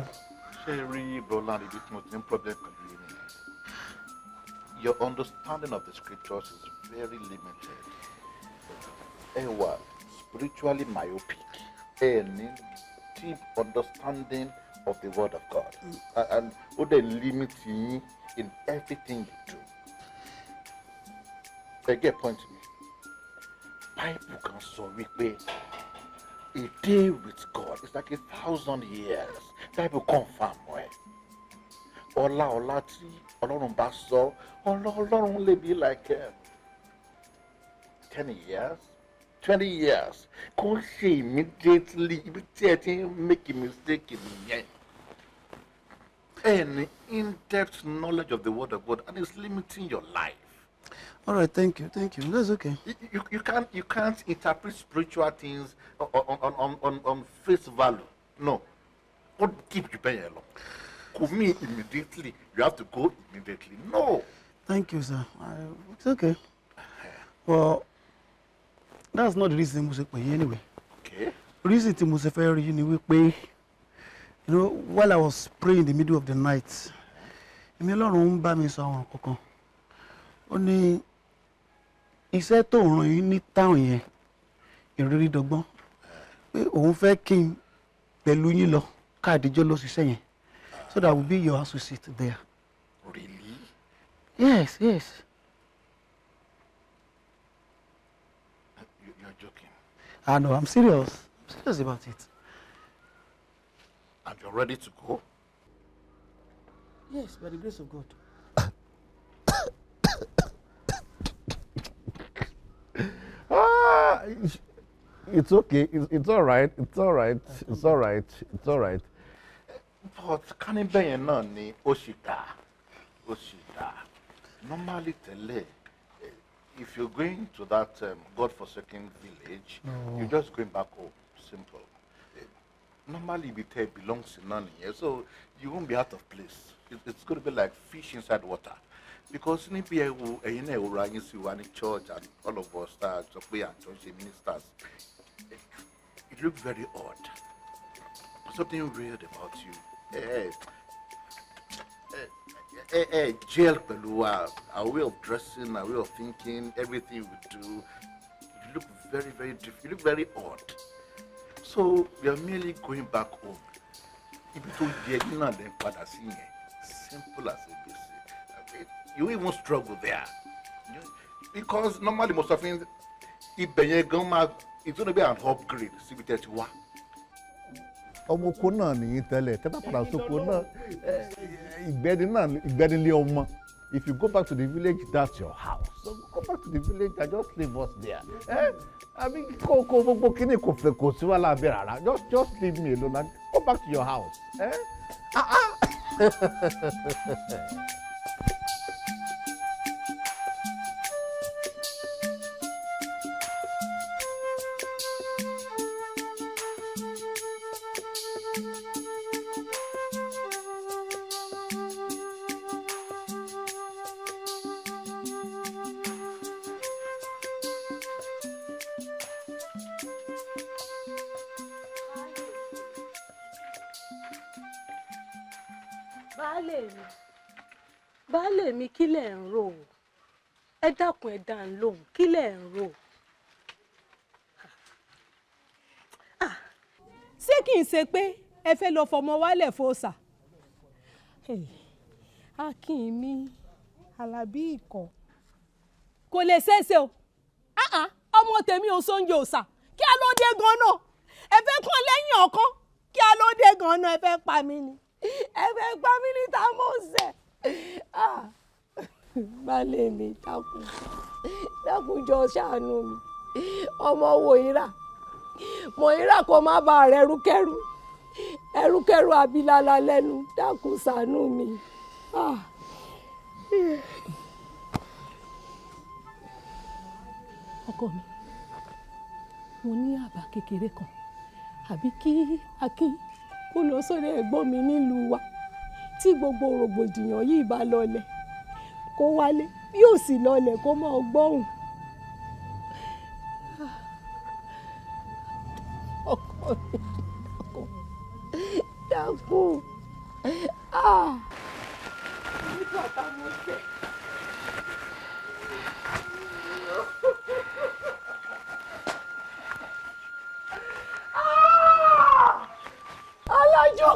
ṣé rí roland ibi tí mo ti ní problem pẹ̀lú yìí nìyẹn your understanding of the scriptures is very limited ẹ wà spiritually myopic ẹ ní deep understanding of the word of God mm. and ó dẹ̀ limit yín in everything you do ẹ get point mi báìbù kan sọ wípé a day with God is like a thousand years báìbù confam ẹ ọlá ọlá tí ọlọ́run bá sọ ọlá ọlọ́run lè bí like ẹ ten years twenty years kò ṣe immediately ibi tí ẹ ti ń make a mistake nìyẹn any in-depth knowledge of the word of God and it's limiting your life. All right, thank you, thank you. That's okay. You, you, can't you can't interpret spiritual things on on, on, on, on face value. No, what keep you paying along? Could me, immediately. You have to go immediately. No. Thank you, sir. I, it's okay. Well, that's not the reason mo ṣe pè anyway. Okay. Reason tí mo ṣe fẹ́ rí ni you know while I was praying in the middle of the night, I'm Ọlọ́run ń bá mi sọ àwọn kankan. Ó iṣẹ́ tó ràn yín ní táwọn yẹn ìrírí dọ́gbọ́n pé òun fẹ́ kí n pẹ̀lú yín lọ káàdìjọ́ lọ ṣiṣẹ́ yẹn so that will be your associate there. Really? Yes, yes. You, you're joking. I know, I'm serious. I'm serious about it. And you're ready to go? Yes, by the grace of God. ah, it's okay. It's, it's all right. It's all right. It's all right. It's all right. But can yẹn náà a ó Oshita, Oshita. normally tele. Eh, if you're going to that um, godforsaken village no. you're just going back home simple eh, normally ibi tẹ́ belongs to náà nìyẹn so you won't be out of place It's going to be like fish inside water because níbi ẹ wo ẹ̀yin náà ìwòrán yín sí wa ní church and all of us tá a sọ àjọṣe ministers it look very odd something weird about you ẹ ẹ ẹ jail pẹ̀lú wa our way of dressing our way of thinking everything we do you look very very different you look very odd so we are merely going back home ibi tó yẹ yín náà lè padà sí yẹn simple as a basic you even struggle there because normally most of fún ibẹ̀ yẹn gan máa it's be an upgrade síbi tẹ́ ti wá. ọmọ oko náà nìyí tẹ́lẹ̀ tẹ́ bá padà sóko náà eh, ìgbẹ́ni náà ìgbẹ́ni lé ọmọ if you go back to the village that's your house so go back to the village and just leave us there eh i mean kò kò gbogbo kíni kò fẹ́ kò sí wàhálà abẹ rárá just just leave me alone and go back to your house eh ah ah. dá ń lóhùn kí lẹ̀ ń rò. Ah. Ah. ṣé kì í ṣe pé ẹ fẹ́ lọ fọmọ wálẹ̀ fòsà. akin mi alábí ikọ̀ kò lè ṣeéṣe o ah, ọmọ tèmi ò sóúnjẹ òòsà kí a ló dé gan náà ẹ fẹ́ kán lẹ́yìn ọ̀kan kí a ló dé gan náà ẹ fẹ́ pa mí ni ẹ fẹ́ pa mí ni tá a mọ̀ ṣe balẹ̀ mi dákun dákun jọ ṣàánú mi ọmọ wo ira mọ ira kó má bà rẹ ẹrúkẹrú ẹrúkẹrú abilala lẹ́nu dákun ṣàánú mi. Ah. ọkọ mi mo ní àbá kékeré kan àbí kí akin kó lọ sórí ẹ̀gbọ́n mi nílùú wa tí gbogbo rògbòdìyàn yìí bá lọlẹ̀ kó wálé bí ò sì lọlẹ̀ kó mọ́ gbọ́hùn. ọkọ mi dákun nígbà táwọn ṣe. alájọ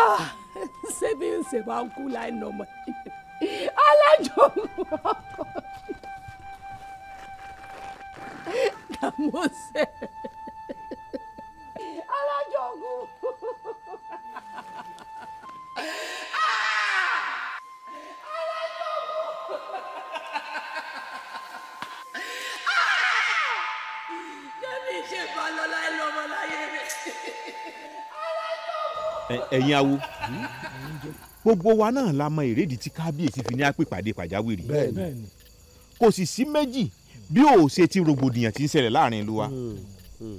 Ah, sebi nsebe akula noma. Alajo. ẹ̀yin awo gbogbo wa náà la mọ èrèdí tí kábíyèsí fi ní àpèpàdé pàjáwìrì kò sì sí méjì bí ó ṣe ti rògbòdìyàn tí ń ṣẹlẹ̀ láàrin ìlú wa hmm. Hmm.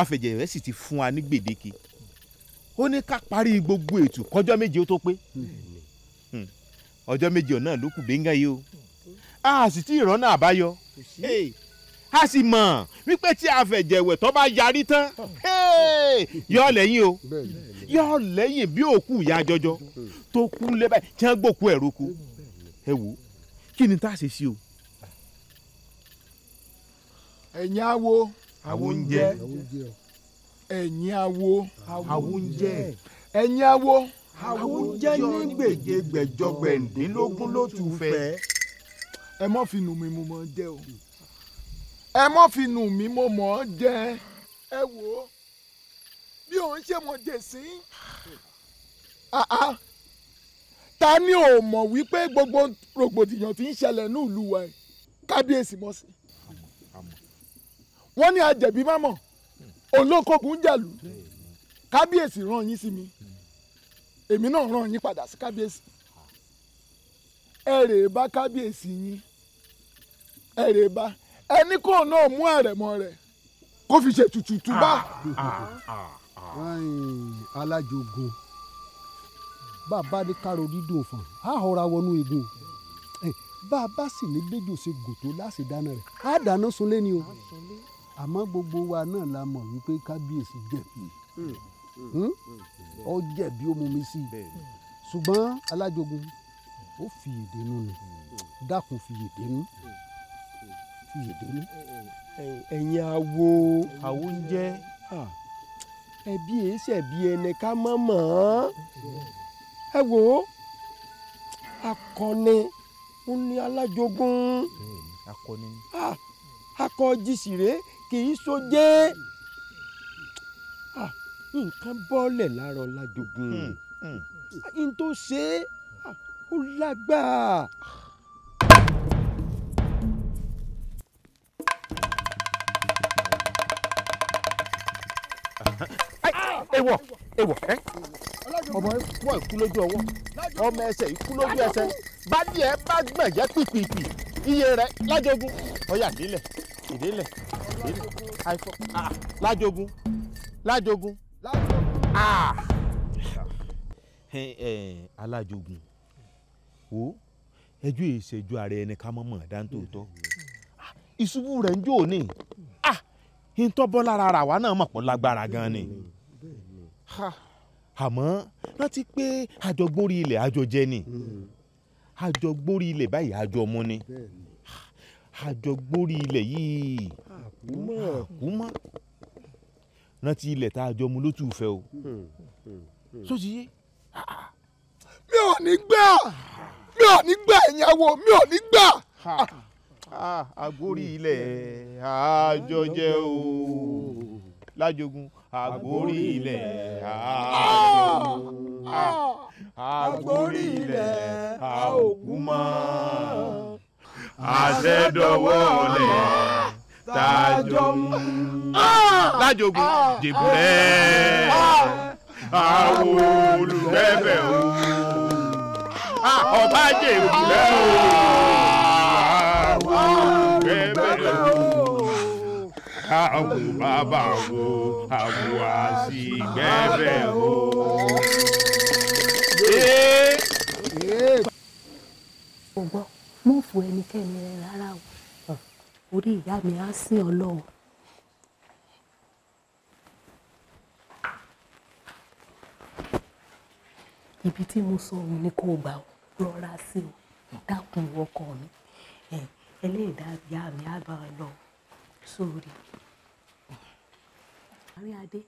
afẹ̀jẹ̀rẹ̀ sì ti fún wa ní gbèdéke ó ní ká parí gbogbo ètò kọjọ́ méje ó tó pé hmm. ọjọ́ méje náà ló kù bẹ́ńgá yìí o a sì ti ìrọ́nà àbáyọ a sì mọ̀ wípé tí afẹ̀jẹ̀wẹ̀ tó bá yarí tán yọ ọ́ lẹ́yìn o. Bẹ́ẹ̀ni yóò lẹ́yìn bí òkú ìyá jọjọ tó kú lébà tí wọ́n gbòkú ẹ̀rọ kú ẹ wò kí ni tá a ṣe sí o. ẹ̀yin awo awo ń ẹ̀yin awo awo ń ẹ̀yin awo awo ń ní gbèjégbèjọ ló tù fẹ́. ẹ mọ́ fi nù mí mo mọ̀ ọ́ jẹ́ o ẹ mọ́ fi nù mí mo mọ̀ ọ́ jẹ́ ẹ wò ó mi ò ń ṣe mọ̀ jèsín. Ah, ah. ta ni ò mọ̀ wípé gbogbo rògbòdìyàn tí ń ṣẹlẹ̀ ní ìlú wa yìí kábíyèsí mọ̀ sí. wọ́n ní àjẹ̀bí má mọ̀ olókòkun jàlú kábíyèsí rán yín sí mi èmi náà rán yín padà sí kábíyèsí ẹ rèé bá kábíyèsí yín ẹ rèé bá ẹni kò náà mú àrẹ̀mọ rẹ̀ kó fi ṣe tutù túbà alájogun bàbá ní kárò dídùn fún a họra wọnú igun bàbá sì ní gbẹjọ ṣe gòtò láti dáná rẹ á dáná sunlé ni o àmọ́ gbogbo wa náà la mọ̀ wípé kábíyèsí jẹ̀bi ọ hmm? jẹ̀bi ó mú mi sí i ṣùgbọ́n alájogun ó fi èdè nù ni dákun fi èdè nù fi èdè nù. ẹ̀yin awo àwọn oúnjẹ ẹbí èé ṣẹ̀bi ẹni ká mọ̀ mọ̀ ọ́n ẹ wò ó akọni ń ní alájogún akọjí sìré kì í sojé nǹkan bọ́ọ̀lẹ̀ lára ọlájogún hmm, hmm. n tó ṣe é ó lágbára. ewọ ewọ ẹ ọmọ ewọ ikú lójú ọwọ ọmọ ẹsẹ ikú lójú ẹsẹ bá díẹ bá gbẹ̀jẹ̀ pìpìpì iye rẹ lájogún ọyà ìdílẹ̀ ìdílẹ̀ ìdílẹ̀ àìfọ lájogún lájogún alájogún o ẹjọ́ ìṣèjú ara ẹni ká ìṣubú ń ní lára ara wa náà gan ni. àmọ́ rántí pé àjọgbórí ilẹ̀ àjọjẹ ni hmm. àjọgbórí ilẹ̀ báyìí àjọmú ni àjọgbórí ilẹ̀ yìí àkúmọ́ rántí ilẹ̀ tá a jọmú ló tù fẹ́ o hmm. hmm. sóti yé. mi ò ní gbà mi ò ní gbà ìyàwó mi ò ní gbà agbórí ah. ilẹ̀ àjọjẹ o lájogun agbórí ilẹ̀ a ah! agbórí ah! ilẹ̀ a ò kú mọ́ àṣẹ dọwọ́ lẹ̀ tájọ mú lájogún jèbúrẹ́ àwọn olùfẹ́fẹ́ o ah! ọba jèbúrẹ́ o. ká ọ̀gùn bàbá wo àbúwá sí gbẹ́bẹ̀ o. ọ̀gbọ́n mo fò ẹnikẹ́ni rẹ rárá o orí ìyá mi á sìn ọlọ́run. ibi tí mo sọ òun ni kò gbà ó rọra sí o dákun ọkọ mi ẹlẹ́dàá ìyá mi á bá ọ lọ sórí. àrínadé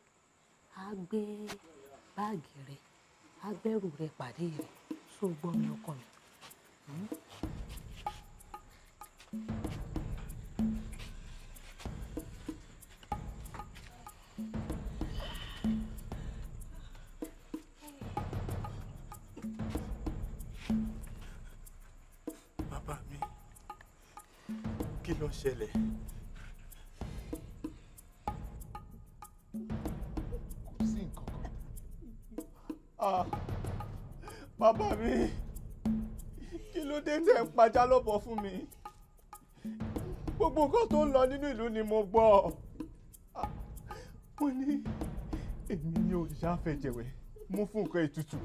á gbé báàgì rẹ á gbẹ́rù rẹ pàdé rẹ só gbọ́ mi ọkọ mi. Hmm? bàbá mi kí ló ṣẹlẹ̀. Ah, bàbá mi kí ló dé tẹ̀ ń pajá lọ́bọ̀ fún mi gbogbo nǹkan tó ń lọ nínú ìlú ni mo gbọ́ wọ́n ah, ní èmi ni òrìṣà àfẹ̀jẹ̀wẹ̀ mú fún nǹkan ètùtù.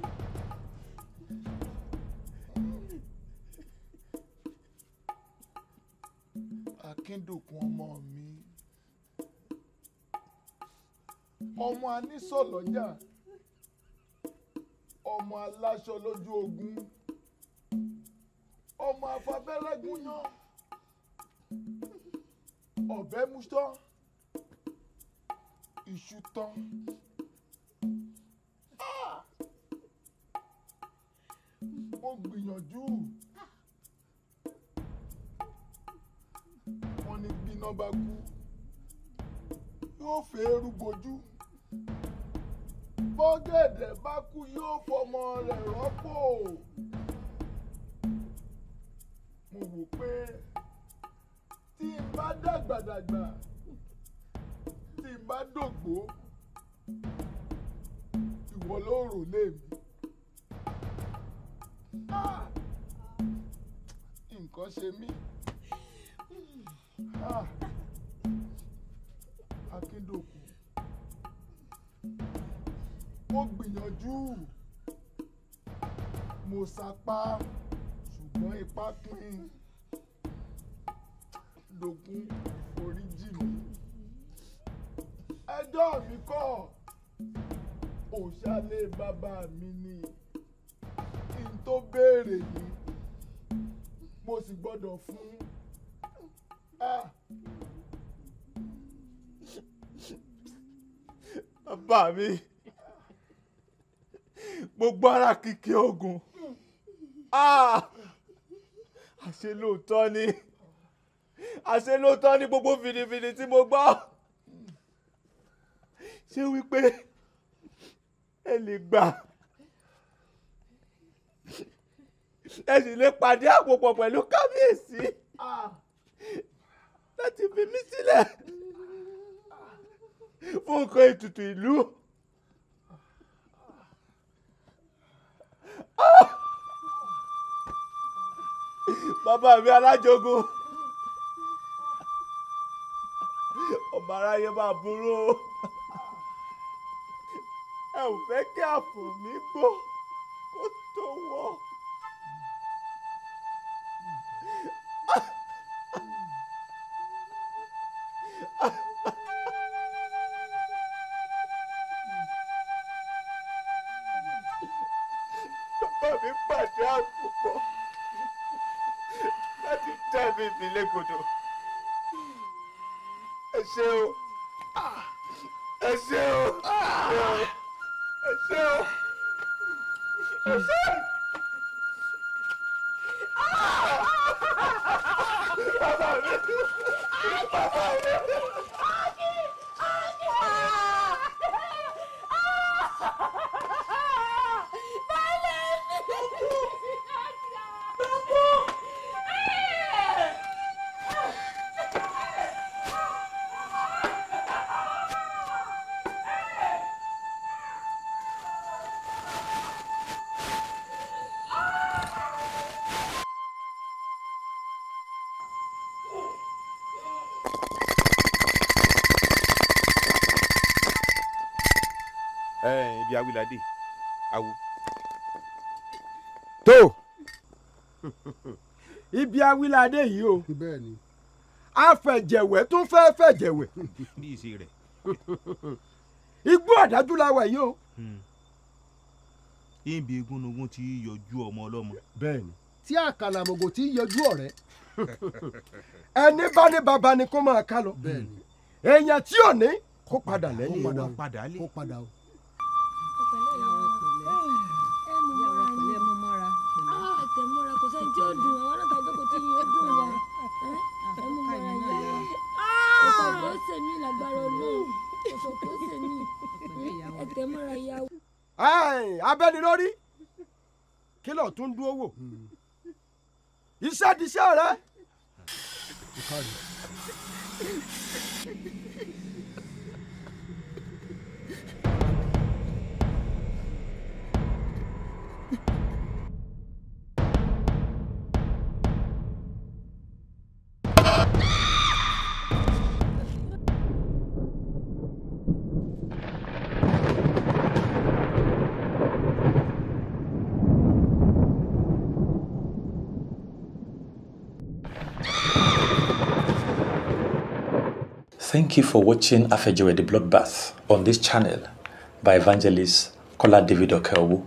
akíndòkun ọmọ mi ọmọ anísọ̀lọ́jà. So ọmọ aláṣọ lójú ogun ọmọ afabẹ́rẹ́ gúnyán ọ̀bẹ mú tán iṣu tán. mo gbìyànjú wọn ní gbiná bá kú yóò fẹ́ rúgbojú bọ́gẹ̀dẹ̀ bá kú yóò fọmọ rẹ̀ rọ́pò. mo wò pé tí n bá dàgbàdàgbà tí n bá dògbò ìwọ ló rò lé mi. nǹkan ṣe mí. Akíndòkú mo gbìyànjú mo sapá ṣùgbọ́n ipá pín lókun foríjì mi ẹjọ́ mi kọ́ òṣàlẹ̀ bàbá mi ni kí n tó béèrè ni mo sì gbọ́dọ̀ fún ẹ. bàbá mi gbogbo ara kìkì ogun ah! àṣé lóòótọ́ ni àṣé lóòótọ́ ni gbogbo fìdífìdí tí mo gbọ́ ṣé wípé ẹ lè gbà ẹ sì lè pàdé àpòpọ̀ pẹ̀lú kábíyèsí ah! láti fi mí sílẹ̀ fún nǹkan ètùtù ìlú. bàbá mi alájogun ọba aráyé máa burú o ẹ ò fẹ́ kí àpò mi gbó. mi pàdé àpòpọ̀ láti dá mi mi légodò ẹ ṣé o ẹ ṣé o ẹ ṣé o ẹ ṣé o. Bàbá mi! Bàbá mi! ládé awo. tó ibi awilade yìí o afẹ̀jẹ̀wẹ̀ tún fẹ́ fẹ̀jẹ̀wẹ̀ bí ìṣe rẹ̀ igbó àdájú la wà yìí o. ìbí hmm. egúnnugún ti yọjú ọmọ ọlọ́mọ. bẹ́ẹ̀ni tí àkàlàmọ̀gò ti yọjú ọ̀rẹ́ ẹni bá ní baba ni kó máa ká lọ hmm. èèyàn tí ò ní kó padà lẹ́yìn wa kó padà o. tó ṣe ní ẹ̀tẹ́ mọ́ra ìyàwó. abẹ́ni lórí kí ló tún dúró wò iṣẹ́ diṣẹ́ rẹ. Thank you for watching Afejiwe the Bloodbath on this channel by evangelist Kola David Okelwu.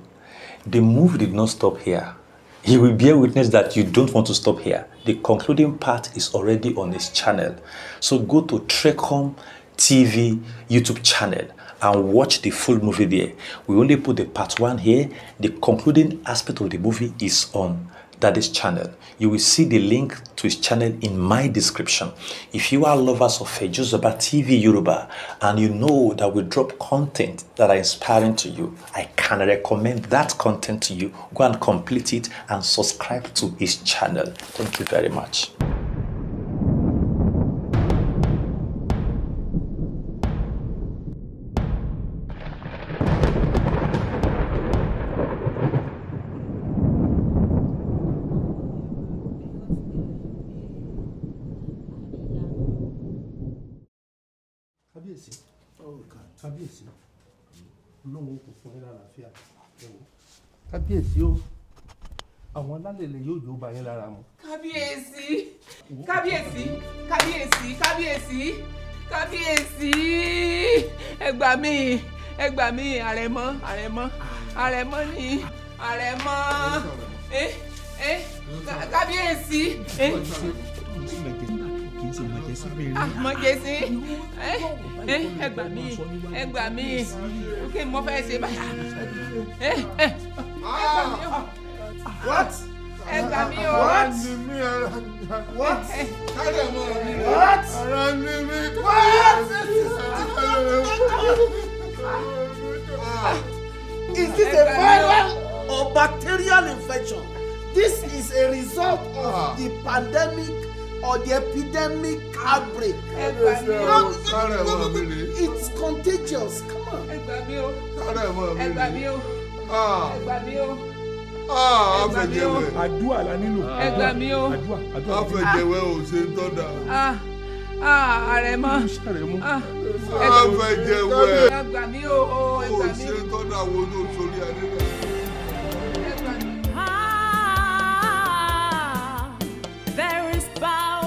The move did not stop here. He will bear witness that you don't want to stop here. The concluding part is already on his channel. So go to Trecom TV YouTube channel and watch the full movie there. We only put the part one here. The concluding aspect of the movie is on daddy's channel. You will see the link to his channel in my description. If you are lovers of Fejuzaba TV Yoruba and you know that we drop content that are inspiring to you, I can recommend that content to you. Go and complete it and subscribe to his channel. Thank you very much. fún yín lálàáfíà ẹ̀wọ̀ kábíyèsí o àwọn alálẹ̀lẹ̀ yóò jó ba yín lára mu. kábíyèsí kábíyèsí kábíyèsí kábíyèsí kábíyèsí ẹ gbà mí ẹ gbà mí àrẹ̀mọ àrẹ̀mọ àrẹ̀mọ ni àrẹ̀mọ ẹ ẹ kábíyèsí kì í ṣe mọ̀jẹ̀sí bèrè. Ah, mọ̀jẹ̀sí ah, ah, eh, eh, ẹ gbà mí ẹ gbà mí kí mo fẹ́ ṣe báyà eh, ẹ gbà mí o. what. ẹ gbà mí o. what. what. káyọ̀ mọ́ mi rẹ̀. what. ara ni mi kọ́. is this a viral or bacterial infection? This is a result of the pandemic or the epidemic outbreak. Yes, no, no, no, no, no, it's contagious. Come on. Ẹ gbà mí o. Ẹ gbà mí o. Ẹ gbà mí o. Ah, afẹjẹwẹ. Ah, àdúrà la nílò. Ẹ gbà o. Àdúrà àdúrà. Afẹjẹwẹ ò ṣe ń tọ́da. Ah, ah, afẹjẹwẹ. Ẹ gbà o. Ò ṣe ń tọ́da wo ló sórí adé náà. About.